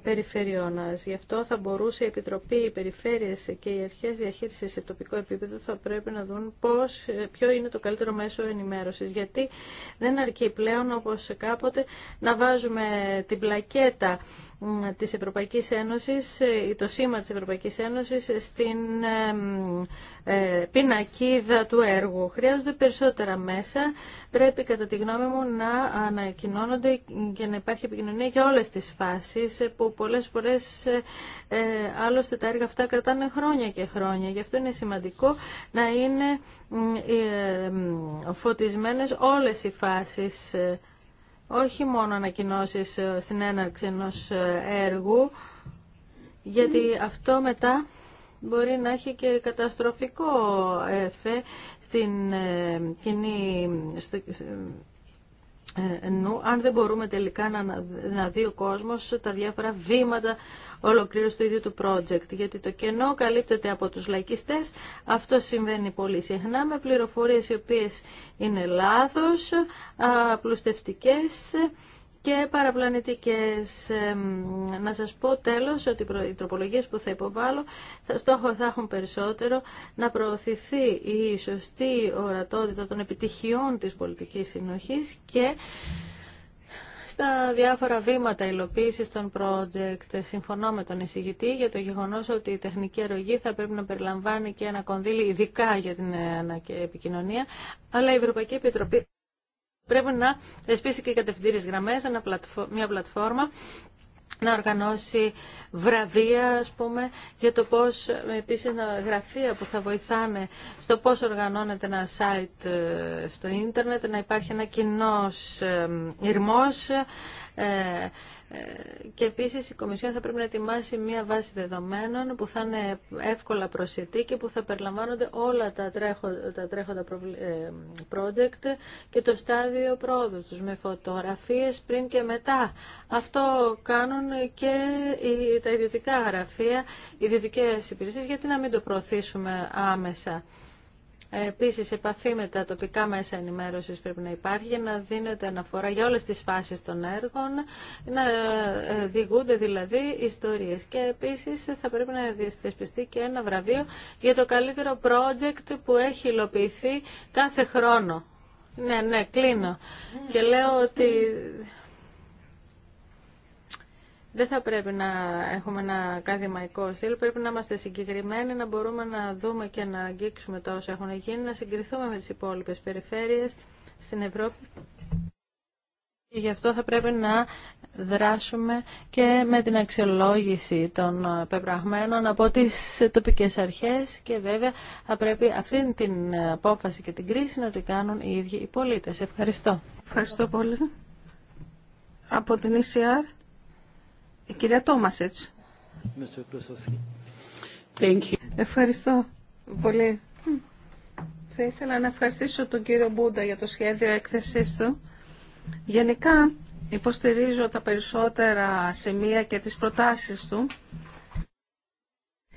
περιφερειών. Γι' αυτό θα μπορούσε η Επιτροπή, οι περιφέρειες και οι αρχές Διαχείριση σε τοπικό επίπεδο θα πρέπει να δουν πώς, ποιο είναι το καλύτερο μέσο ενημέρωσης. Γιατί δεν αρκεί πλέον όπως κάποτε να βάζουμε την πλακέτα της Ευρωπαϊκής Ένωσης, ε, το σήμα της Ευρωπαϊκής Ένωσης στην ε, πινακίδα του έργου. Χρειάζονται περισσότερα μέσα. Πρέπει κατά τη γνώμη μου να ανακοινώνονται και να υπάρχει επικοινωνία για όλες τις φάσεις ε, που πολλές φορές άλλωστε τα έργα αυτά κρατάνε χρόνια και χρόνια. Γι' αυτό είναι σημαντικό να είναι φωτισμένες όλες οι φάσεις όχι μόνο ανακοινώσεις ε, στην έναρξη ενός ε, έργου, γιατί αυτό μετά μπορεί να έχει και καταστροφικό εφέ στην ε, κοινή ε, νου, αν δεν μπορούμε τελικά να, να δει ο κόσμος τα διάφορα βήματα ολοκλήρωση του ίδιου του project. Γιατί το κενό καλύπτεται από τους λαϊκιστές, αυτό συμβαίνει πολύ συχνά με πληροφορίες οι οποίες είναι λάθος, απλουστευτικές, και παραπλανητικές. Να σας πω τέλος ότι οι τροπολογίες που θα υποβάλω θα στόχο έχουν περισσότερο να προωθηθεί η σωστή ορατότητα των επιτυχιών της πολιτικής συνοχής και στα διάφορα βήματα υλοποίηση των project. Συμφωνώ με τον εισηγητή για το γεγονό ότι η τεχνική αρρωγή θα πρέπει να περιλαμβάνει και ένα κονδύλι ειδικά για την ε, επικοινωνία, αλλά η Ευρωπαϊκή Επιτροπή πρέπει να θεσπίσει και κατευθυντήριες γραμμές, μια πλατφόρμα να οργανώσει βραβεία, ας πούμε, για το πώς, επίσης, γραφεία που θα βοηθάνε στο πώς οργανώνεται ένα site ε, στο ίντερνετ, να υπάρχει ένα κοινός ε, ηρμός, ε, ε, και επίση η Κομισιόν θα πρέπει να ετοιμάσει μια βάση δεδομένων που θα είναι εύκολα προσιτή και που θα περιλαμβάνονται όλα τα, τρέχοντα ε, project και το στάδιο πρόοδου τους με φωτογραφίες πριν και μετά. Αυτό κάνουν και τα ιδιωτικά γραφεία, ιδιωτικέ υπηρεσίες, γιατί να μην το προωθήσουμε άμεσα. Ε, επίσης, επαφή με τα τοπικά μέσα ενημέρωση πρέπει να υπάρχει να δίνεται αναφορά για όλες τις φάσεις των έργων, να ε, διηγούνται δηλαδή ιστορίες. Και επίσης θα πρέπει να διασπιστεί και ένα βραβείο για το καλύτερο project που έχει υλοποιηθεί κάθε χρόνο. Ναι, ναι, κλείνω. Και λέω ότι δεν θα πρέπει να έχουμε ένα ακαδημαϊκό στυλ, πρέπει να είμαστε συγκεκριμένοι, να μπορούμε να δούμε και να αγγίξουμε τα όσα έχουν γίνει, να συγκριθούμε με τις υπόλοιπες περιφέρειες στην Ευρώπη. Και γι' αυτό θα πρέπει να δράσουμε και με την αξιολόγηση των πεπραγμένων από τις τοπικές αρχές και βέβαια θα πρέπει αυτή την απόφαση και την κρίση να την κάνουν οι ίδιοι οι πολίτες. Ευχαριστώ. Ευχαριστώ πολύ. Από την e η κυρία Τόμασετς. Ευχαριστώ πολύ. Θα ήθελα να ευχαριστήσω τον κύριο Μπούντα για το σχέδιο έκθεσής του. Γενικά υποστηρίζω τα περισσότερα σημεία και τις προτάσεις του.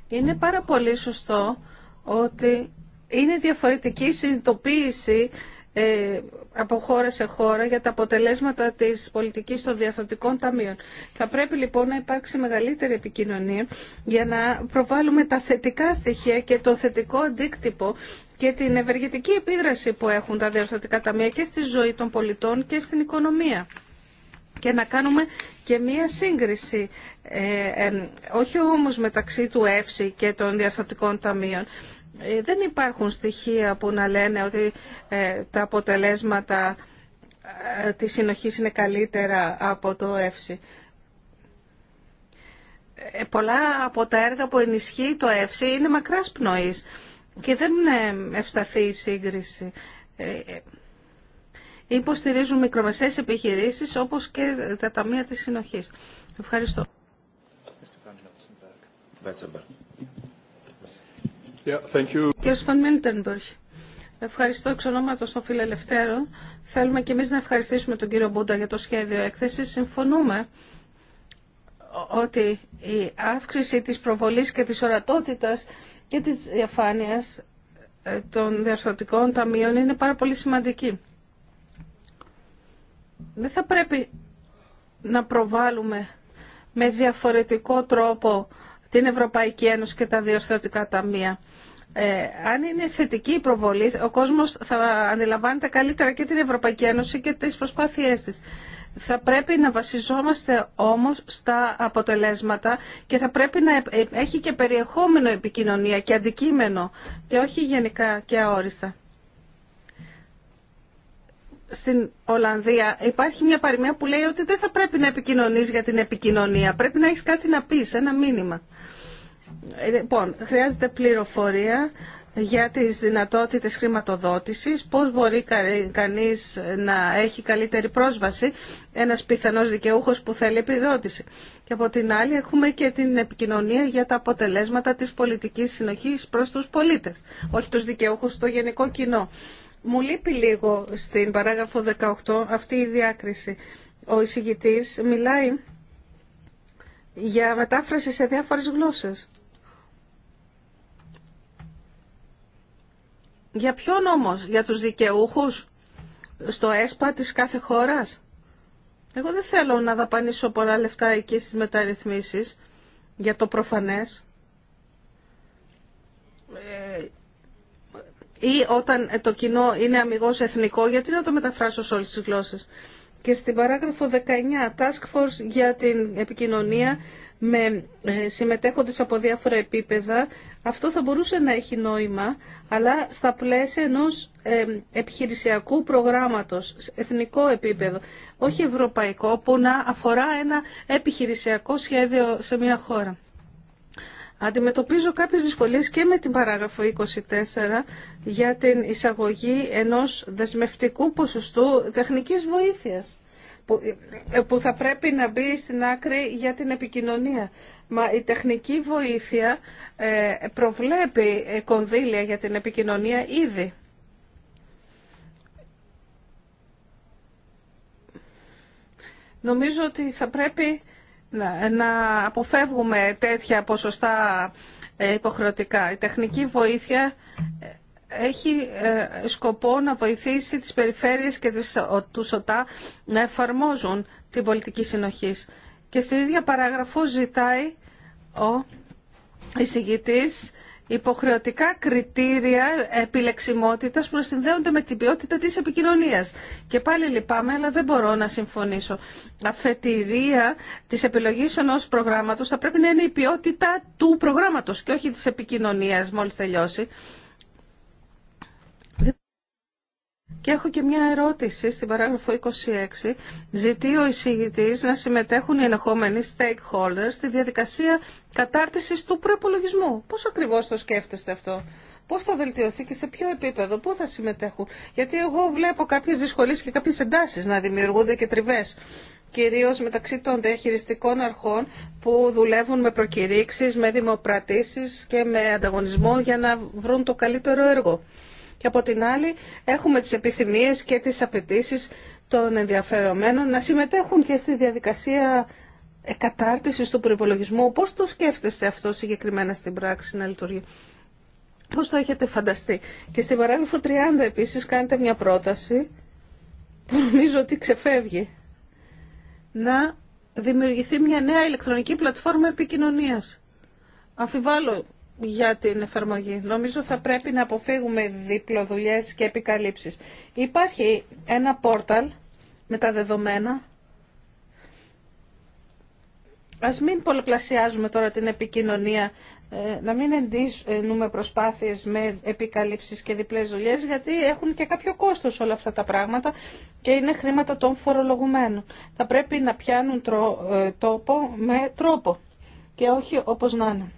Είναι πάρα πολύ σωστό ότι είναι διαφορετική συνειδητοποίηση ε, από χώρα σε χώρα για τα αποτελέσματα της πολιτικής των διαθωτικών ταμείων. Θα πρέπει λοιπόν να υπάρξει μεγαλύτερη επικοινωνία για να προβάλλουμε τα θετικά στοιχεία και το θετικό αντίκτυπο και την ευεργετική επίδραση που έχουν τα διαθωτικά ταμεία και στη ζωή των πολιτών και στην οικονομία. Και να κάνουμε και μία σύγκριση, ε, ε όχι όμως μεταξύ του ΕΦΣΙ και των διαθωτικών ταμείων, ε, δεν υπάρχουν στοιχεία που να λένε ότι ε, τα αποτελέσματα ε, της συνοχής είναι καλύτερα από το ΕΦΣΥ. Πολλά από τα έργα που ενισχύει το ΕΦΣΥ είναι μακράς πνοής και δεν ευσταθεί η σύγκριση. Υποστηρίζουν μικρομεσαίες επιχειρήσεις όπως και τα ταμεία της συνοχής. Ευχαριστώ. Κύριε ευχαριστώ εξ ονόματος των φιλελευθέρων. Θέλουμε και εμείς να ευχαριστήσουμε τον κύριο Μπούντα για το σχέδιο έκθεσης. Συμφωνούμε ότι η αύξηση της προβολής και της ορατότητας και της διαφάνειας ε, των διαρθρωτικών ταμείων είναι πάρα πολύ σημαντική. Δεν θα πρέπει να προβάλλουμε με διαφορετικό τρόπο την Ευρωπαϊκή Ένωση και τα διορθωτικά ταμεία. Ε, αν είναι θετική η προβολή, ο κόσμος θα αντιλαμβάνεται καλύτερα και την Ευρωπαϊκή Ένωση και τις προσπάθειές της. Θα πρέπει να βασιζόμαστε όμως στα αποτελέσματα και θα πρέπει να έχει και περιεχόμενο επικοινωνία και αντικείμενο και όχι γενικά και αόριστα. Στην Ολλανδία υπάρχει μια παροιμία που λέει ότι δεν θα πρέπει να επικοινωνείς για την επικοινωνία. Πρέπει να έχεις κάτι να πεις, ένα μήνυμα. Λοιπόν, χρειάζεται πληροφορία για τις δυνατότητες χρηματοδότησης, πώς μπορεί κανείς να έχει καλύτερη πρόσβαση ένας πιθανός δικαιούχος που θέλει επιδότηση. Και από την άλλη έχουμε και την επικοινωνία για τα αποτελέσματα της πολιτικής συνοχής προς τους πολίτες, όχι τους δικαιούχους στο γενικό κοινό. Μου λείπει λίγο στην παράγραφο 18 αυτή η διάκριση. Ο εισηγητής μιλάει για μετάφραση σε διάφορες γλώσσες. Για ποιον όμως, για τους δικαιούχους στο ΕΣΠΑ της κάθε χώρας. Εγώ δεν θέλω να δαπανίσω πολλά λεφτά εκεί στις μεταρρυθμίσεις για το προφανές. Ε, ή όταν το κοινό είναι αμυγός εθνικό, γιατί να το μεταφράσω σε όλες τις γλώσσες. Και στην παράγραφο 19, Task Force για την επικοινωνία με ε, συμμετέχοντες από διάφορα επίπεδα, αυτό θα μπορούσε να έχει νόημα, αλλά στα πλαίσια ενός ε, επιχειρησιακού προγράμματος, εθνικό επίπεδο, όχι ευρωπαϊκό, που να αφορά ένα επιχειρησιακό σχέδιο σε μια χώρα. Αντιμετωπίζω κάποιες δυσκολίες και με την παράγραφο 24 για την εισαγωγή ενός δεσμευτικού ποσοστού τεχνικής βοήθειας. Ε, που θα πρέπει να μπει στην άκρη για την επικοινωνία. Μα η τεχνική βοήθεια ε, προβλέπει ε, κονδύλια για την επικοινωνία ήδη. Νομίζω ότι θα πρέπει να αποφεύγουμε τέτοια ποσοστά υποχρεωτικά. Η τεχνική βοήθεια έχει ε, σκοπό να βοηθήσει τις περιφέρειες και του οτά να εφαρμόζουν την πολιτική συνοχής. Και στην ίδια παράγραφο ζητάει ο εισηγητής υποχρεωτικά κριτήρια επιλεξιμότητας που να συνδέονται με την ποιότητα της επικοινωνίας. Και πάλι λυπάμαι, αλλά δεν μπορώ να συμφωνήσω. Αφετηρία της επιλογής ενός προγράμματος θα πρέπει να είναι η ποιότητα του προγράμματος και όχι της επικοινωνίας μόλις τελειώσει. Και έχω και μια ερώτηση στην παράγραφο 26. Ζητεί ο εισηγητή να συμμετέχουν οι ενεχόμενοι stakeholders στη διαδικασία κατάρτιση του προπολογισμού. Πώ ακριβώ το σκέφτεστε αυτό. πώ θα βελτιωθεί και σε ποιο επίπεδο, πού θα συμμετέχουν. Γιατί εγώ βλέπω κάποιες δυσκολίες και κάποιες εντάσεις να δημιουργούνται και τριβές κυρίως μεταξύ των διαχειριστικών αρχών που θα συμμετεχουν γιατι εγω βλεπω κάποιε δυσκολίε και κάποιε εντάσει να δημιουργουνται και τριβε κυριως μεταξυ των διαχειριστικων αρχων που δουλευουν με προκηρύξεις, με δημοπρατήσεις και με ανταγωνισμό για να βρουν το καλύτερο έργο και από την άλλη έχουμε τις επιθυμίες και τις απαιτήσει των ενδιαφερομένων να συμμετέχουν και στη διαδικασία κατάρτισης του προπολογισμού. Πώς το σκέφτεστε αυτό συγκεκριμένα στην πράξη να λειτουργεί. Πώς το έχετε φανταστεί. Και στην παράγραφο 30 επίσης κάνετε μια πρόταση που νομίζω ότι ξεφεύγει. Να δημιουργηθεί μια νέα ηλεκτρονική πλατφόρμα επικοινωνίας. Αμφιβάλλω για την εφαρμογή. Νομίζω θα πρέπει να αποφύγουμε διπλοδουλειές και επικαλύψεις. Υπάρχει ένα πόρταλ με τα δεδομένα. Ας μην πολλαπλασιάζουμε τώρα την επικοινωνία, ε, να μην εντείνουμε προσπάθειες με επικαλύψεις και διπλές δουλειές, γιατί έχουν και κάποιο κόστος όλα αυτά τα πράγματα και είναι χρήματα των φορολογουμένων. Θα πρέπει να πιάνουν ε, τόπο με τρόπο και όχι όπως να είναι.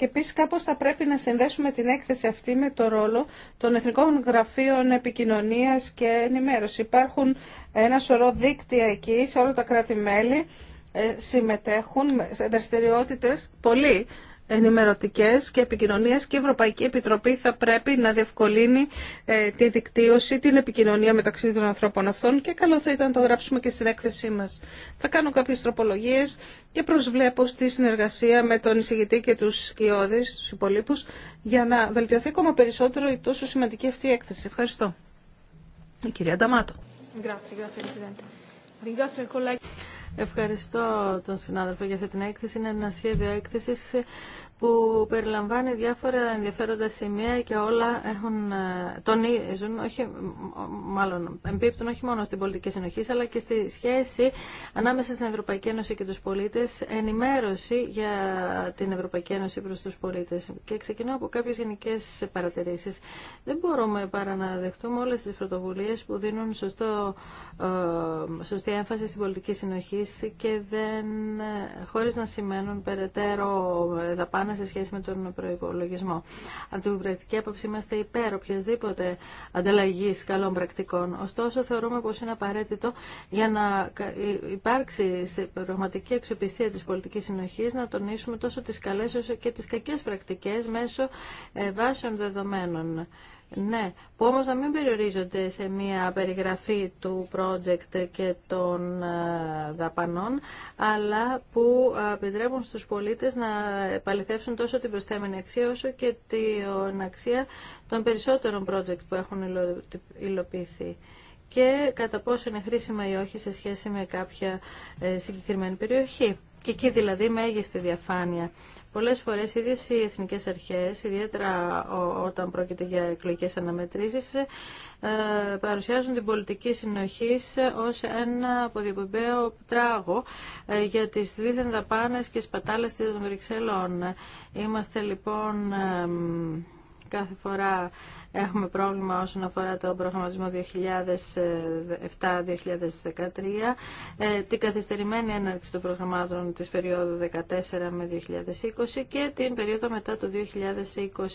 Και επίση κάπω θα πρέπει να συνδέσουμε την έκθεση αυτή με το ρόλο των Εθνικών Γραφείων Επικοινωνίας και Ενημέρωση. Υπάρχουν ένα σωρό δίκτυα εκεί σε όλα τα κράτη-μέλη, ε, συμμετέχουν σε δραστηριότητε, πολύ ενημερωτικές και επικοινωνίας και η Ευρωπαϊκή Επιτροπή θα πρέπει να διευκολύνει ε, τη δικτύωση, την επικοινωνία μεταξύ των ανθρώπων αυτών και καλό θα ήταν να το γράψουμε και στην έκθεσή μας. Θα κάνω κάποιες τροπολογίες και προσβλέπω στη συνεργασία με τον εισηγητή και τους σκιώδεις, του υπολείπους, για να βελτιωθεί ακόμα περισσότερο η τόσο σημαντική αυτή έκθεση. Ευχαριστώ. Η κυρία Ευχαριστώ τον συνάδελφο για αυτή την έκθεση. Είναι ένα σχέδιο έκθεση που περιλαμβάνει διάφορα ενδιαφέροντα σημεία και όλα έχουν, ε, τονίζουν, όχι, μάλλον εμπίπτουν όχι μόνο στην πολιτική συνοχή, αλλά και στη σχέση ανάμεσα στην Ευρωπαϊκή Ένωση και τους πολίτες, ενημέρωση για την Ευρωπαϊκή Ένωση προς τους πολίτες. Και ξεκινώ από κάποιες γενικές παρατηρήσεις. Δεν μπορούμε παρά να δεχτούμε όλες τις πρωτοβουλίε που δίνουν σωστό, ε, σωστή έμφαση στην πολιτική συνοχή και δεν, ε, χωρίς να σημαίνουν περαιτέρω δαπάνε να σε σχέση με τον προπολογισμό. Από την πρακτική άποψη είμαστε υπέρ οποιασδήποτε ανταλλαγή καλών πρακτικών. Ωστόσο, θεωρούμε πω είναι απαραίτητο για να υπάρξει σε πραγματική αξιοπιστία τη πολιτική συνοχή να τονίσουμε τόσο τι καλέ όσο και τι κακέ πρακτικέ μέσω ε, βάσεων δεδομένων ναι, που όμως να μην περιορίζονται σε μια περιγραφή του project και των ε, δαπανών, αλλά που ε, επιτρέπουν στους πολίτες να επαληθεύσουν τόσο την προσθέμενη αξία όσο και την αξία των περισσότερων project που έχουν υλοποιηθεί και κατά πόσο είναι χρήσιμα ή όχι σε σχέση με κάποια ε, συγκεκριμένη περιοχή. Και εκεί δηλαδή μέγιστη διαφάνεια. Πολλέ φορέ οι ίδιε οι εθνικές αρχές, ιδιαίτερα όταν πρόκειται για εκλογικέ αναμετρήσει, ε, παρουσιάζουν την πολιτική συνοχή ως ένα αποδιοπομπαίο τράγο ε, για τις δίθεν δαπάνε και σπατάλες των Βρυξελών. Είμαστε λοιπόν ε, κάθε φορά έχουμε πρόβλημα όσον αφορά το προγραμματισμό 2007-2013, ε, την καθυστερημένη έναρξη των προγραμμάτων της περίοδου 2014 με 2020 και την περίοδο μετά το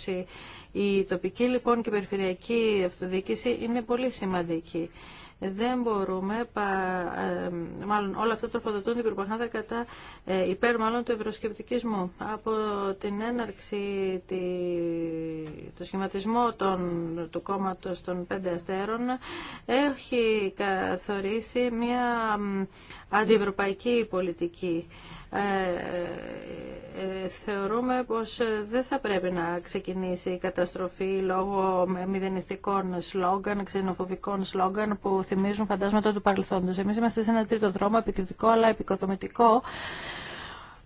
2020. Η τοπική λοιπόν και περιφερειακή αυτοδιοίκηση είναι πολύ σημαντική δεν μπορούμε, πα, μάλλον όλα αυτά τροφοδοτούν την προπαγάνδα κατά ε, υπέρ μάλλον του ευρωσκεπτικισμού. Από την έναρξη, τη, το σχηματισμό των, του κόμματος των πέντε αστέρων έχει καθορίσει μια αντιευρωπαϊκή πολιτική. Ε, ε, ε, θεωρούμε πως δεν θα πρέπει να ξεκινήσει η καταστροφή λόγω μηδενιστικών σλόγγαν, ξενοφοβικών σλόγγαν που θυμίζουν φαντάσματα του παρελθόντος. Εμείς είμαστε σε ένα τρίτο δρόμο επικριτικό αλλά επικοδομητικό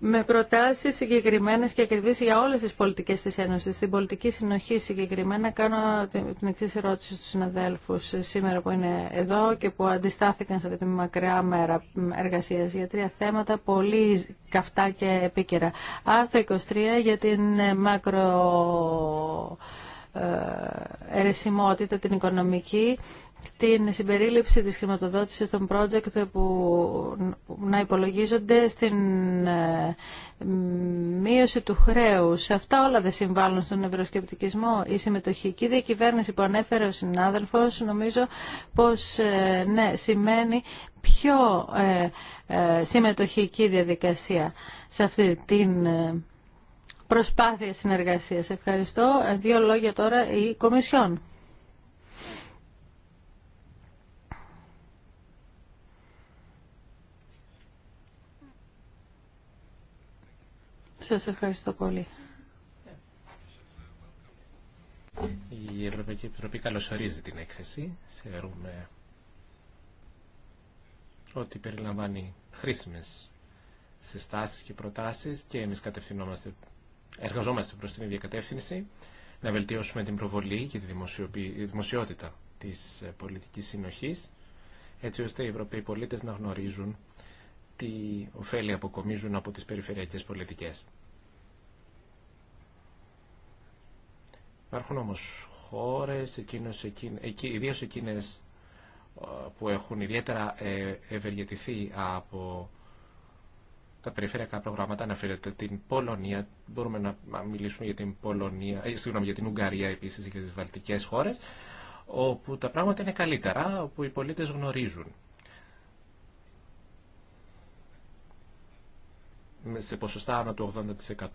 με προτάσεις συγκεκριμένες και ακριβείς για όλες τις πολιτικές της Ένωσης. Στην πολιτική συνοχή συγκεκριμένα κάνω την εξή ερώτηση στους συναδέλφους σήμερα που είναι εδώ και που αντιστάθηκαν σε αυτή τη μακριά μέρα εργασίας για τρία θέματα πολύ καυτά και επίκαιρα. Άρθρο 23 για την ε, μακρο ε, την οικονομική την συμπερίληψη της χρηματοδότησης των project που να υπολογίζονται στην ε, μείωση του χρέους. Αυτά όλα δεν συμβάλλουν στον ευρωσκεπτικισμό. Η συμμετοχική διακυβέρνηση που ανέφερε ο συνάδελφος νομίζω πως ε, ναι, σημαίνει πιο ε, συμμετοχική διαδικασία σε αυτή την προσπάθεια συνεργασίας. Ευχαριστώ. Δύο λόγια τώρα η Κομισιόν. Σας ευχαριστώ πολύ. Η Ευρωπαϊκή Επιτροπή καλωσορίζει την έκθεση. Θεωρούμε ότι περιλαμβάνει χρήσιμες συστάσεις και προτάσεις και εμείς κατευθυνόμαστε, εργαζόμαστε προς την ίδια κατεύθυνση να βελτιώσουμε την προβολή και τη δημοσιότητα της ε, πολιτικής συνοχής έτσι ώστε οι Ευρωπαίοι πολίτες να γνωρίζουν τι ωφέλη αποκομίζουν από τις περιφερειακές πολιτικές. Υπάρχουν όμως χώρες, ιδίω εκείνε που έχουν ιδιαίτερα ε, ευεργετηθεί από τα περιφερειακά προγράμματα, αναφέρεται την Πολωνία, μπορούμε να μιλήσουμε για την, Πολωνία, ε, συγγνώμη, για την Ουγγαρία επίσης και τι Βαλτικέ χώρες, όπου τα πράγματα είναι καλύτερα, όπου οι πολίτες γνωρίζουν. σε ποσοστά άνω του 80%.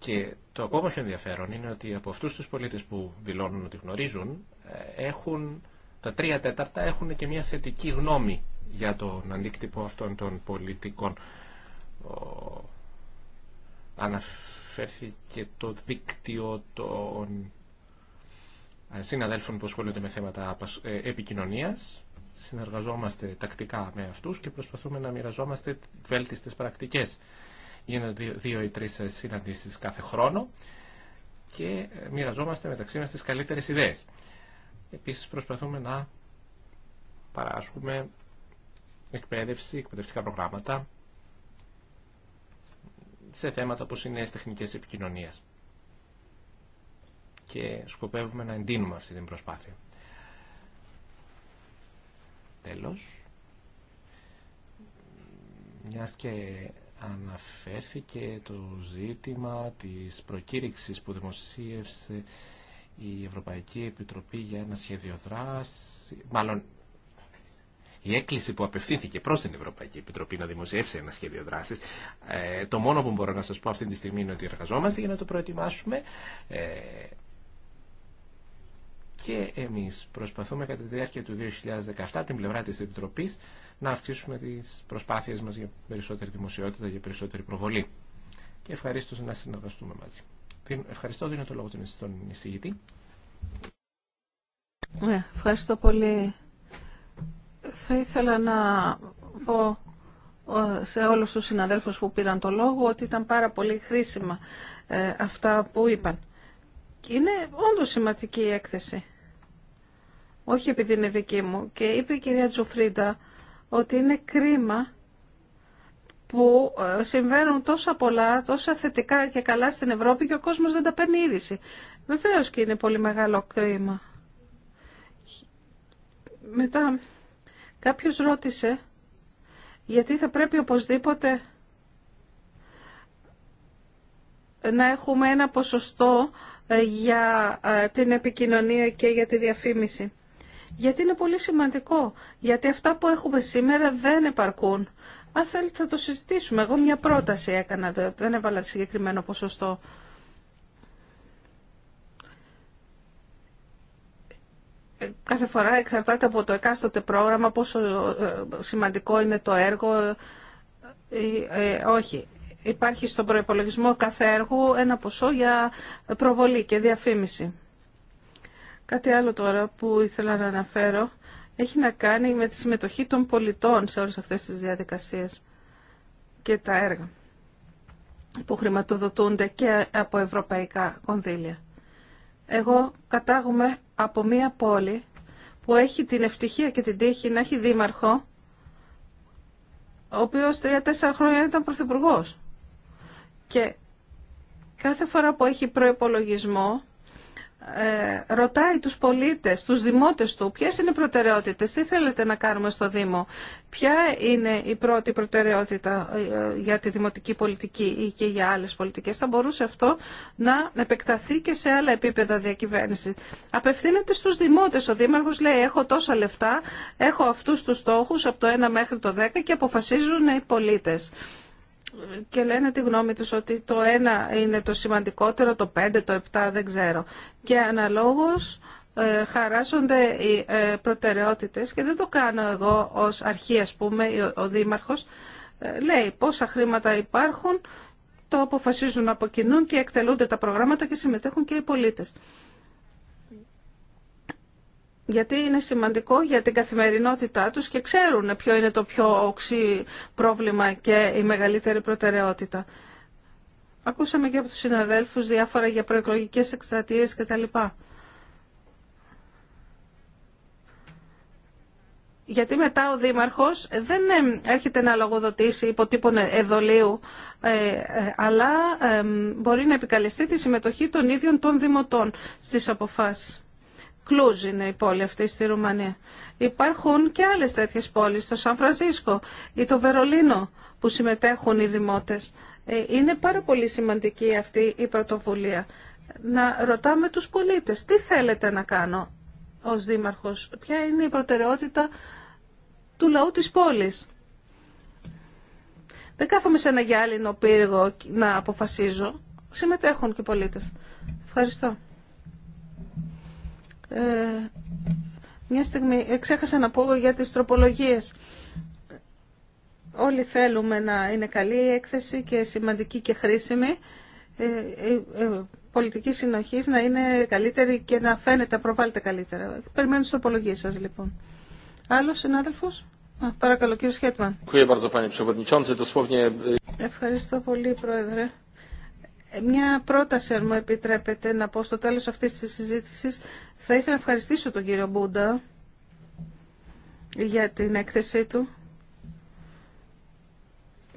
Και το ακόμα πιο ενδιαφέρον είναι ότι από αυτούς τους πολίτες που δηλώνουν ότι γνωρίζουν, ε, έχουν, τα τρία τέταρτα έχουν και μια θετική γνώμη για τον αντίκτυπο αυτών των πολιτικών. Αναφέρθηκε το δίκτυο των ε, συναδέλφων που ασχολούνται με θέματα ε, επικοινωνίας. Συνεργαζόμαστε τακτικά με αυτούς και προσπαθούμε να μοιραζόμαστε βέλτιστες πρακτικές Γίνονται δύο ή τρεις ε, συναντήσεις κάθε χρόνο και ε, μοιραζόμαστε μεταξύ μας τις καλύτερες ιδέες. Επίσης προσπαθούμε να παράσχουμε εκπαίδευση, εκπαιδευτικά προγράμματα σε θέματα όπως είναι οι τεχνικές επικοινωνίας. Και σκοπεύουμε να εντείνουμε αυτή την προσπάθεια. Τέλος. Μιας και αναφέρθηκε το ζήτημα της προκήρυξης που δημοσίευσε η Ευρωπαϊκή Επιτροπή για ένα σχέδιο δράση, μάλλον η έκκληση που απευθύνθηκε προς την Ευρωπαϊκή Επιτροπή να δημοσιεύσει ένα σχέδιο δράσης. Ε, το μόνο που μπορώ να σας πω αυτή τη στιγμή είναι ότι εργαζόμαστε για να το προετοιμάσουμε ε, και εμείς προσπαθούμε κατά τη διάρκεια του 2017 την πλευρά της Επιτροπής να αυξήσουμε τις προσπάθειες μας για περισσότερη δημοσιότητα, για περισσότερη προβολή. Και ευχαρίστω να συνεργαστούμε μαζί. Ευχαριστώ, δίνω το λόγο στον εισηγητή. Ναι, ευχαριστώ πολύ. Θα ήθελα να πω ε, σε όλους τους συναδέλφους που πήραν το λόγο ότι ήταν πάρα πολύ χρήσιμα ε, αυτά που είπαν. Είναι όντως σημαντική η έκθεση. Όχι επειδή είναι δική μου. Και είπε η κυρία Τζουφρίντα ότι είναι κρίμα που ε, συμβαίνουν τόσα πολλά, τόσα θετικά και καλά στην Ευρώπη και ο κόσμος δεν τα παίρνει είδηση. Βεβαίως και είναι πολύ μεγάλο κρίμα. Μετά κάποιος ρώτησε γιατί θα πρέπει οπωσδήποτε να έχουμε ένα ποσοστό ε, για ε, την επικοινωνία και για τη διαφήμιση γιατί είναι πολύ σημαντικό. Γιατί αυτά που έχουμε σήμερα δεν επαρκούν. Αν θέλετε θα το συζητήσουμε. Εγώ μια πρόταση έκανα, δεν έβαλα συγκεκριμένο ποσοστό. Ε, κάθε φορά εξαρτάται από το εκάστοτε πρόγραμμα πόσο ε, σημαντικό είναι το έργο ε, όχι. Υπάρχει στον προϋπολογισμό κάθε έργου ένα ποσό για προβολή και διαφήμιση. Κάτι άλλο τώρα που ήθελα να αναφέρω έχει να κάνει με τη συμμετοχή των πολιτών σε όλες αυτές τις διαδικασίες και τα έργα που χρηματοδοτούνται και από ευρωπαϊκά κονδύλια. Εγώ κατάγομαι από μία πόλη που έχει την ευτυχία και την τύχη να έχει δήμαρχο ο οποιος τρια τρία-τέσσερα χρόνια ήταν πρωθυπουργός. Και κάθε φορά που έχει προϋπολογισμό ε, ρωτάει τους πολίτες, τους δημότες του, ποιες είναι οι προτεραιότητες, τι θέλετε να κάνουμε στο Δήμο, ποια είναι η πρώτη προτεραιότητα ε, για τη δημοτική πολιτική ή και για άλλες πολιτικές. Θα μπορούσε αυτό να επεκταθεί και σε άλλα επίπεδα διακυβέρνησης. Απευθύνεται στους δημότες. Ο Δήμαρχος λέει έχω τόσα λεφτά, έχω αυτούς τους στόχους από το 1 μέχρι το 10 και αποφασίζουν οι πολίτες και λένε τη γνώμη τους ότι το ένα είναι το σημαντικότερο, το 5, το 7, δεν ξέρω. Και αναλόγως ε, χαράσσονται οι ε, προτεραιότητες και δεν το κάνω εγώ ως αρχή ας πούμε ο Δήμαρχος ε, λέει πόσα χρήματα υπάρχουν το αποφασίζουν από κοινού και εκτελούνται τα προγράμματα και συμμετέχουν και οι πολίτες γιατί είναι σημαντικό για την καθημερινότητά τους και ξέρουν ποιο είναι το πιο οξύ πρόβλημα και η μεγαλύτερη προτεραιότητα. Ακούσαμε και από τους συναδέλφους διάφορα για προεκλογικές εκστρατείες κτλ. Γιατί μετά ο Δήμαρχος δεν ε, έρχεται να λογοδοτήσει υποτύπων εδωλίου, ε, ε, αλλά μπορεί να επικαλεστεί τη συμμετοχή των ίδιων των δημοτών στις αποφάσεις. Κλούζ είναι η πόλη αυτή στη Ρουμανία. Υπάρχουν και άλλες τέτοιες πόλεις, το Σαν Φρανσίσκο ή το Βερολίνο που συμμετέχουν οι δημότες. Ε, είναι πάρα πολύ σημαντική αυτή η πρωτοβουλία. Να ρωτάμε τους πολίτες, τι θέλετε να κάνω ως δήμαρχος, ποια είναι η προτεραιότητα του λαού της πόλης. Δεν κάθομαι σε ένα γυάλινο πύργο να αποφασίζω. Συμμετέχουν και οι πολίτες. Ευχαριστώ. Ε, μια στιγμή, ε, ξέχασα να πω για τις τροπολογίες. Όλοι θέλουμε να είναι καλή η έκθεση και σημαντική και χρήσιμη. Ε, ε πολιτική συνοχή να είναι καλύτερη και να φαίνεται, να προβάλλεται καλύτερα. Περιμένω τις τροπολογίες σας λοιπόν. Άλλο συνάδελφο. Παρακαλώ, κύριο Σχέτμαν. Ευχαριστώ πολύ, Πρόεδρε. Μια πρόταση, αν μου επιτρέπετε, να πω στο τέλος αυτής της συζήτησης. Θα ήθελα να ευχαριστήσω τον κύριο Μπούντα για την έκθεσή του.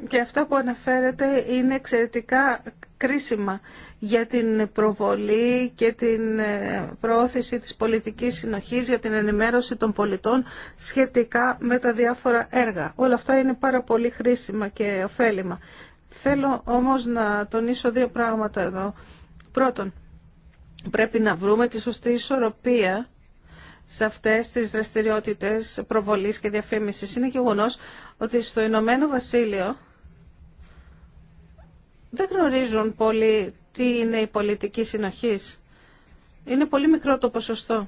Και αυτά που αναφέρεται είναι εξαιρετικά κρίσιμα για την προβολή και την ε, προώθηση της πολιτικής συνοχής, για την ενημέρωση των πολιτών σχετικά με τα διάφορα έργα. Όλα αυτά είναι πάρα πολύ χρήσιμα και ωφέλιμα. Θέλω όμως να τονίσω δύο πράγματα εδώ. Πρώτον, πρέπει να βρούμε τη σωστή ισορροπία σε αυτές τις δραστηριότητες προβολής και διαφήμισης. Είναι γεγονό ότι στο Ηνωμένο Βασίλειο δεν γνωρίζουν πολύ τι είναι η πολιτική συνοχής. Είναι πολύ μικρό το ποσοστό.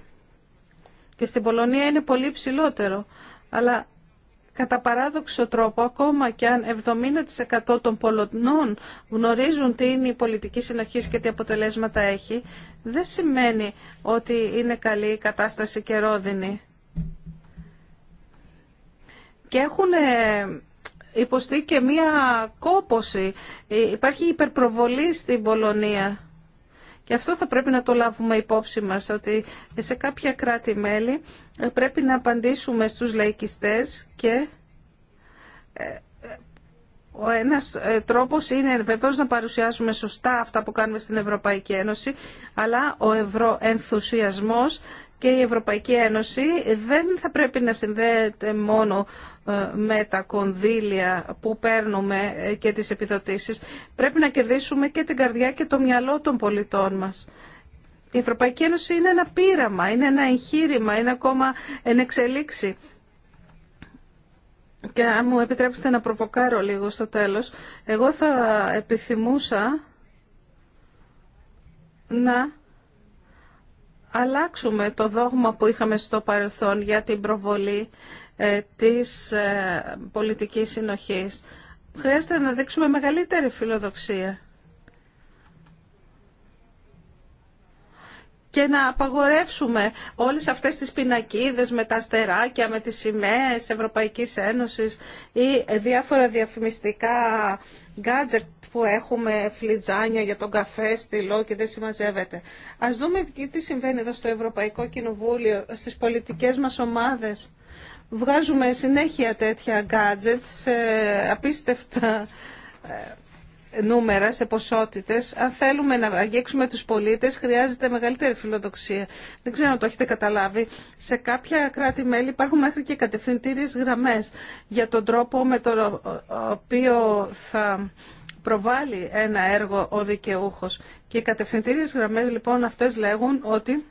Και στην Πολωνία είναι πολύ ψηλότερο. Αλλά Κατά παράδοξο τρόπο, ακόμα και αν 70% των Πολωνών γνωρίζουν τι είναι η πολιτική συνοχή και τι αποτελέσματα έχει, δεν σημαίνει ότι είναι καλή η κατάσταση και ρόδινη. Και έχουν ε, υποστεί και μία κόποση. Ε, υπάρχει υπερπροβολή στην Πολωνία και αυτό θα πρέπει να το λάβουμε υπόψη μας, ότι σε κάποια κράτη-μέλη ε, πρέπει να απαντήσουμε στους λαϊκιστές και ε, ο ένας ε, τρόπος είναι βεβαίω να παρουσιάσουμε σωστά αυτά που κάνουμε στην Ευρωπαϊκή Ένωση, αλλά ο ευρωενθουσιασμός και η Ευρωπαϊκή Ένωση δεν θα πρέπει να συνδέεται μόνο ε, με τα κονδύλια που παίρνουμε ε, και τις επιδοτήσεις. Πρέπει να κερδίσουμε και την καρδιά και το μυαλό των πολιτών μας. Η Ευρωπαϊκή Ένωση είναι ένα πείραμα, είναι ένα εγχείρημα, είναι ακόμα εν εξελίξη. Και αν μου επιτρέψετε να προβοκάρω λίγο στο τέλος, εγώ θα επιθυμούσα να αλλάξουμε το δόγμα που είχαμε στο παρελθόν για την προβολή ε, της ε, πολιτικής συνοχής. Χρειάζεται να δείξουμε μεγαλύτερη φιλοδοξία. και να απαγορεύσουμε όλες αυτές τις πινακίδες με τα αστεράκια, με τις σημαίες Ευρωπαϊκής Ένωσης ή διάφορα διαφημιστικά γκάτζετ που έχουμε, φλιτζάνια για τον καφέ, στυλό και δεν συμμαζεύεται. Ας δούμε τι συμβαίνει εδώ στο Ευρωπαϊκό Κοινοβούλιο, στις πολιτικές μας ομάδες. Βγάζουμε συνέχεια τέτοια γκάτζετ σε απίστευτα ε, νούμερα, σε ποσότητες. Αν θέλουμε να αγγίξουμε του πολίτε, χρειάζεται μεγαλύτερη φιλοδοξία. Δεν ξέρω αν το έχετε καταλάβει. Σε κάποια κράτη-μέλη υπάρχουν μέχρι και κατευθυντήριε γραμμέ για τον τρόπο με τον οποίο θα προβάλλει ένα έργο ο δικαιούχο. Και οι κατευθυντήριε γραμμέ, λοιπόν αυτέ λέγουν ότι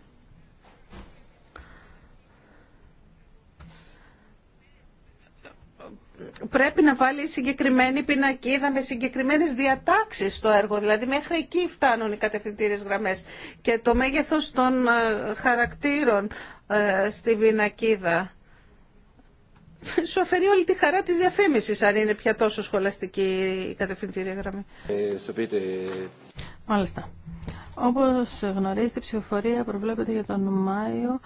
πρέπει να βάλει συγκεκριμένη πινακίδα με συγκεκριμένες διατάξεις στο έργο. Δηλαδή μέχρι εκεί φτάνουν οι κατευθυντήριες γραμμές και το μέγεθος των ε, χαρακτήρων ε, στη πινακίδα. Σου αφαιρεί όλη τη χαρά της διαφήμισης αν είναι πια τόσο σχολαστική η κατευθυντήρια γραμμή. Ε, Μάλιστα. Όπως γνωρίζετε, η ψηφοφορία προβλέπεται για τον Μάιο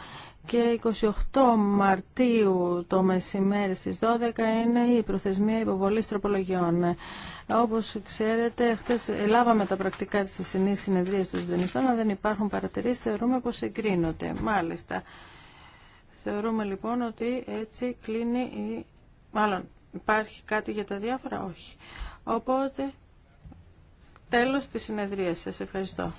και 28 Μαρτίου το μεσημέρι στις 12 είναι η προθεσμία υποβολής τροπολογιών. Όπως ξέρετε, χτες λάβαμε τα πρακτικά της συνεδρίας των συντονιστών, αν δεν υπάρχουν παρατηρήσεις θεωρούμε πως εγκρίνονται. Μάλιστα. Θεωρούμε λοιπόν ότι έτσι κλείνει η... Μάλλον υπάρχει κάτι για τα διάφορα, όχι. Οπότε, τέλος της συνεδρίας σας. Ευχαριστώ.